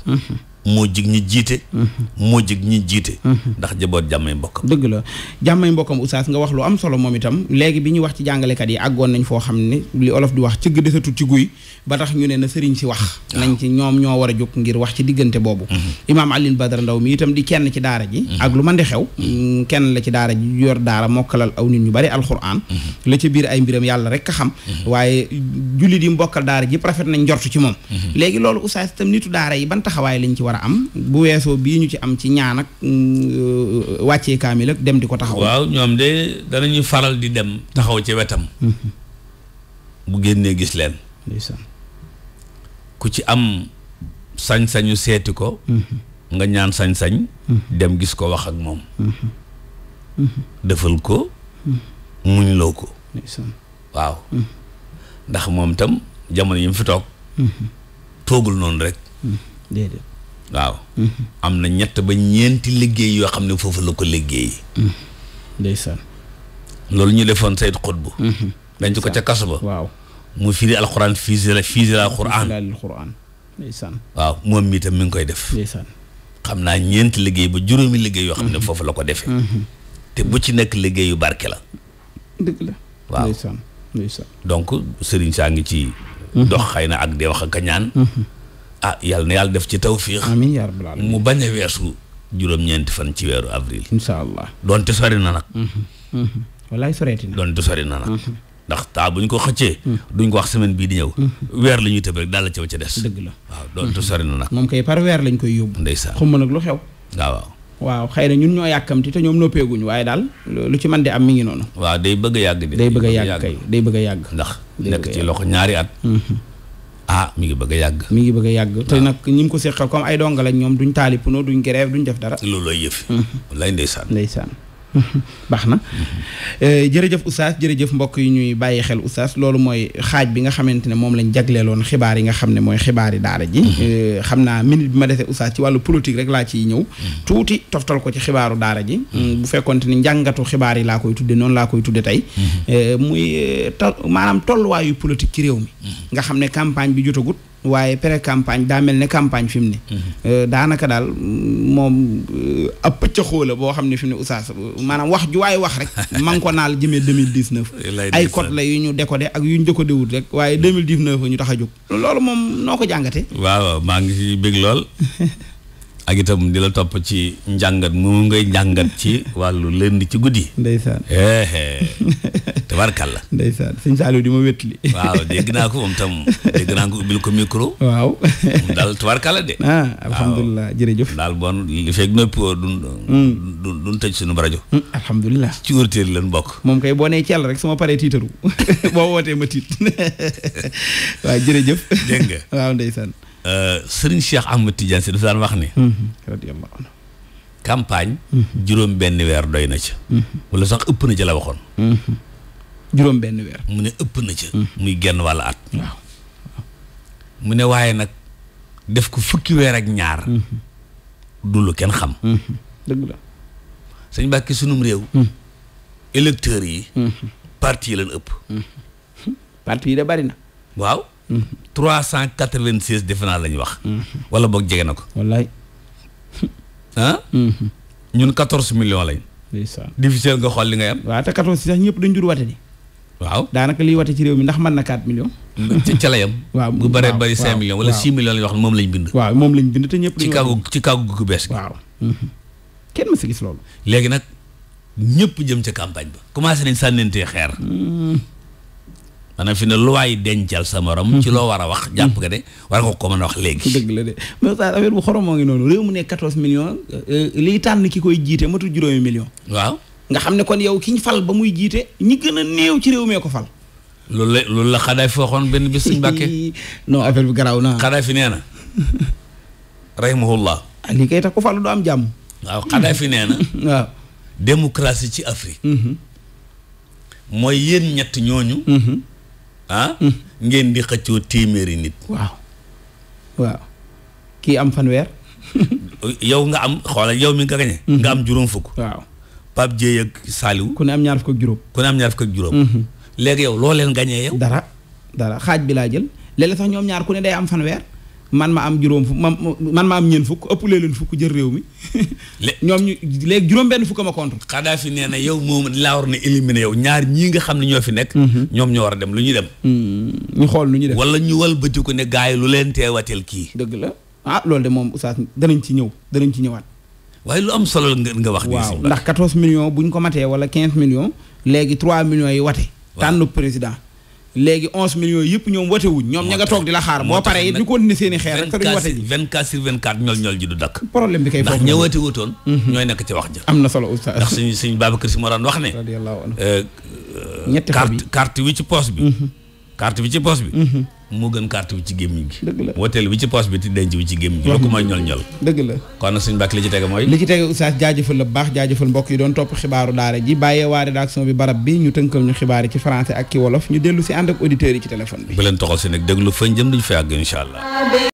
S1: moo jig ñi jiite mhm. moo jig ñi jiite mhm. ndax jaboot jàmmay mbokkam
S3: dëgg la jàmmay mbokkam oustaz nga wax lu am solo moom itam léegi bi ñu wax ci jàngalekat yi àggoon nañ foo xam ne li di wax cëgg desatut ci guy ba tax ne na sëriñ si wax nañ ci ñoom ñoo war a jóg ngir wax ci diggante boobu mhm. imaam Alioune Badara Ndaw mi itam di kenn ci daara ji ak lu man di xew mm, kenn la ci daara ji yor daara mokkalal aw nit ñu bari alxuraan la ca biir ay mbiram yàlla rek a xam waaye jullit yi mbokkal daara ji rafet nañ njortu ci moom léegi loolu oustaz itam nitu daara yi ban taxawaay lañ ci war a am bu weesoo bii ñu ci am ci ñaan ak mm, euh, wàccee kaamil dem di ko taxaw waaw
S1: ñoom de danañuy faral di dem taxaw ci wetam mhm. bu génnee gis leen ku ci am sañ-sañu seeti ko mhm. nga ñaan sañ-sañ mhm. dem gis ko wax ak moom defal ko muñ loo ko waaw ndax moom tam jamono yi mu fi toog toogul noonu rek waaw mm-hmm. am na ñett ba ñeenti liggéey yoo xam ne foofu la ko liggéey mm-hmm. ndeysaan loolu ñu defoon Sayyid Qutb dañ ko ca kaso ba waaw mu firi alquran fisila fisila alquran ndeysaan waaw moom mi tam mi ngi koy def xam naa ñeenti liggéey ba juróomi liggéey yoo xam ne mm-hmm. foofu la ko defe te bu ci nekk liggéeyu barke la dëgg la sëriñ saa ngi ci dox xëy na ak dee wax ak ñaan ah yàlla na yàlla def ci tawfiix amiin yaa rabbal aalamiin mu bañ a weesu juróom-ñeenti fan ci weeru avril incha allah doonte sori na nag
S3: mhm. Mhm. wallaay soreeti na doonte
S1: sori na mhm. ndax taa buñ ñu ko xëccee duñ ko wax semaine bii di ñëw weer la ñuy tëb rek daal la ca ca des dëgg la waaw doonte sori na nag moom kay par weer
S3: lañ koy yóbbu ndeysaan xumma nag lu xew waaw waaw xëy na ñun ñoo yàkkamti te ñoom noppeeguñu waaye daal lu ci mën di am mi ngi noonu
S1: waaw day bëgg a yàgg day bëgg a yàgg
S3: day bëgg yàgg ndax nekk ci loxo ñaari at
S1: ah mi ngi bëgg a yàgg
S3: mi ngi bëgg a yàgg te ah. nag ñi ko séqal comme ay donga lañ ñoom duñ taali puno duñ grève duñ def dara loolu lay yëf
S1: mm-hmm. wallaay ndeysaan ndeysaan
S3: baax na eh, jërëjëf oustaz jërëjëf mbokk yi ñuy bàyyi xel oustaz loolu mooy xaaj bi nga xamante ne moom lañ jagleeloon xibaar yi nga xam ne mooy xibaari daara ji mhm. eh, xam naa minute bi ma desee oustaz ci wàllu politique rek laa ciy ñëw mhm. tuuti toftal ko ci xibaaru daara ji mhm. mm, bu fekkonte ni njàngatu xibaar yi laa koy tudde noonu laa koy tudde tey eh, muy maanaam tolluwaayu politique ci réew mi nga xam ne campagne bi jotagut waaye pré campagne daa mel ne campagne fi mu ne. Mhm. Euh, daanaka daal mm, moom euh, ab pëccëxoo la boo xam ne fi mu ne oustaz maanaam wax ju waaye wax rek ma ngi ko naal jëmee 2019. ay code la yu ñu décodé ak yu ñu de wut rek waaye 2019 ñu tax a jóg. loolu moom noo ko jàngatee.
S1: waaw maa ngi ci bëgg lool. ak itam di la topp ci njàngat mu ngay njàngat ci wàllu lënd ci guddi. ndeysaan tabarkalla.
S3: ndeysaan sëñ Saliou di ma wétli.
S1: waaw dégg naa ko moom tam dégg naa ubbil ko micro. waaw moom daal tabarkalla de. ah alhamdulilah jërëjëf. daal bon li fekk noppi woo duñ. Hmm. duñ duñ tëj suñu rajo. Hmm, alhamdulilah ci wërtéer lan bokk.
S3: moom kay boo nee ci yàlla rek
S1: sama paree tiitaru boo wootee ma tiit waaw jërëjëf. dégg nga waaw ndeysaan. Euh, sëriñ am Ahmed Tidiane si dafa daan wax ne. Mm-hmm. campagne. Mm-hmm. juróom benn weer doy na ca. Mm-hmm. wala sax ëpp na ca la waxoon. juróom benn weer. mu ne ëpp na ca. muy genn walla at. mu ne waaye nag def ko fukki weer ak ñaar. du lu kenn xam. dëgg la. sunum réew. Mm. électeurs yi. parti leen ëpp. parti da bari na. waaw. trois cent quatre vingt seize defe la ñu wax. wala boog jege na ko. wallaay. ah. Mhm. ñun quatorze millions lañ. ndeysaan
S3: difficile nga xool li ngay am. waaw te quatorze sax ñëpp dañ jur wate di. waaw daanaka liy wate ci réew mi ndax man na quatre millions. ci ca la yam. waaw bu bëree bëri cinq millions wala six
S1: millions la ñu wax moom lañ bind. waaw moom lañ bind te ñëpp. ci kaagu ci kaagu gu bees gi. waaw. Mhm. kenn ma si gis loolu. léegi nag ñëpp jëm ca campagne ba. commencé nañ sànnentee xeer. Mhm. maanaam fi ne lu waay dencal sa morom. ci loo war a wax jàpp nga de war nga ko mën a wax léegi. dëgg la de mais saa
S3: affaire bu xoromoo ngi noonu réew mu ne 14 millions euh, liy tànn ki koy jiite matul juróomi million waaw nga xam ne kon yow ki ñu fal ba muy jiite ñi gën a néew ci réew mee ko fal.
S1: loolu la loolu la Xadafi waxoon benn bis suñu Mbàkke. non affaire bi garaaw naa. Xadafi nee na. rahimahullah. ah lii kay tax ku falu du am jàmm. waaw Xadafi nee na. waaw. démocratie ci Afrique. Mhm. mooy yéen ñett ñooñu. Mhm. Ah? Hmm. ngeen di xëccoo téeméeri nit waaw waaw kii am fanweer yow nga am xoolal yow mi nga gañe hmm. nga am juróom fukk waaw Pape Dieye ak Saliou ku ne am ñaar fukk ak juróom ku ne am juróom hmm. léegi yow loo leen gañee yow dara
S3: dara xaaj bi laa jël léeg-léeg sax ñoom ñaar ku ne day am fanweer man ma am juróom fukk man ma am ñeent fukk ëpp leen fukk jël réew mi. ñoom ñu léegi juróom-benn fukk ma contre.
S1: Kadhafi nee na yow moom laa war na éliminer yow ñaar ñii nga xam ne ñoo fi nekk. Mhm. ñoom ñoo war a dem lu ñu dem. Hmm, ñu xool lu ñu def wala ñu walbati ko ne gars yi lu leen tee wateel kii. dëgg la ah loolu de
S3: moom oustaz danañ ci ñëw danañ ci ñëwaat. waaye lu am solo nga nga wax. waaw ndax 14 millions buñ ko matee wala 15 millions léegi 3 millions yi wate. tànn président. léegi onze millions yëpp ñoom wote wuñ ñoom ña nga toog di la xaar boo paree it ñu continuer seen i xeer rek te duñ wote ji
S1: vingt quatre sur vingt quatre ñool ñool ji du dakk problème
S3: bi ndax ña wote
S1: mhm. ñooy nekk ci wax ja am na solo oustaz ndax suñ suñ Babacar Si moo daan wax ne radiyallahu euh, wi ci poche bi mhm. carte bi ci poche bi mhm. moo gën carte bi ci gémmiñ gi. dëgg woteel bi ci poche bi ti denc bi ci gémmiñ gi. loolu mooy ñol ñol dëgg la kon nag suñu bàkk li ci tege mooy. li ci
S3: tege oustaz jaajëfal la bu baax jaajëfal mbokk yi doon topp xibaaru daara ji bàyyee waa rédaction bi barab bi ñu tënkal ñu xibaar yi ci français ak ki wolof ñu dellu si ànd ak auditeurs yi ci téléphone bi.
S1: bu leen toxal si nag déglu fañ jëm duñ fay àgg incha
S2: allah.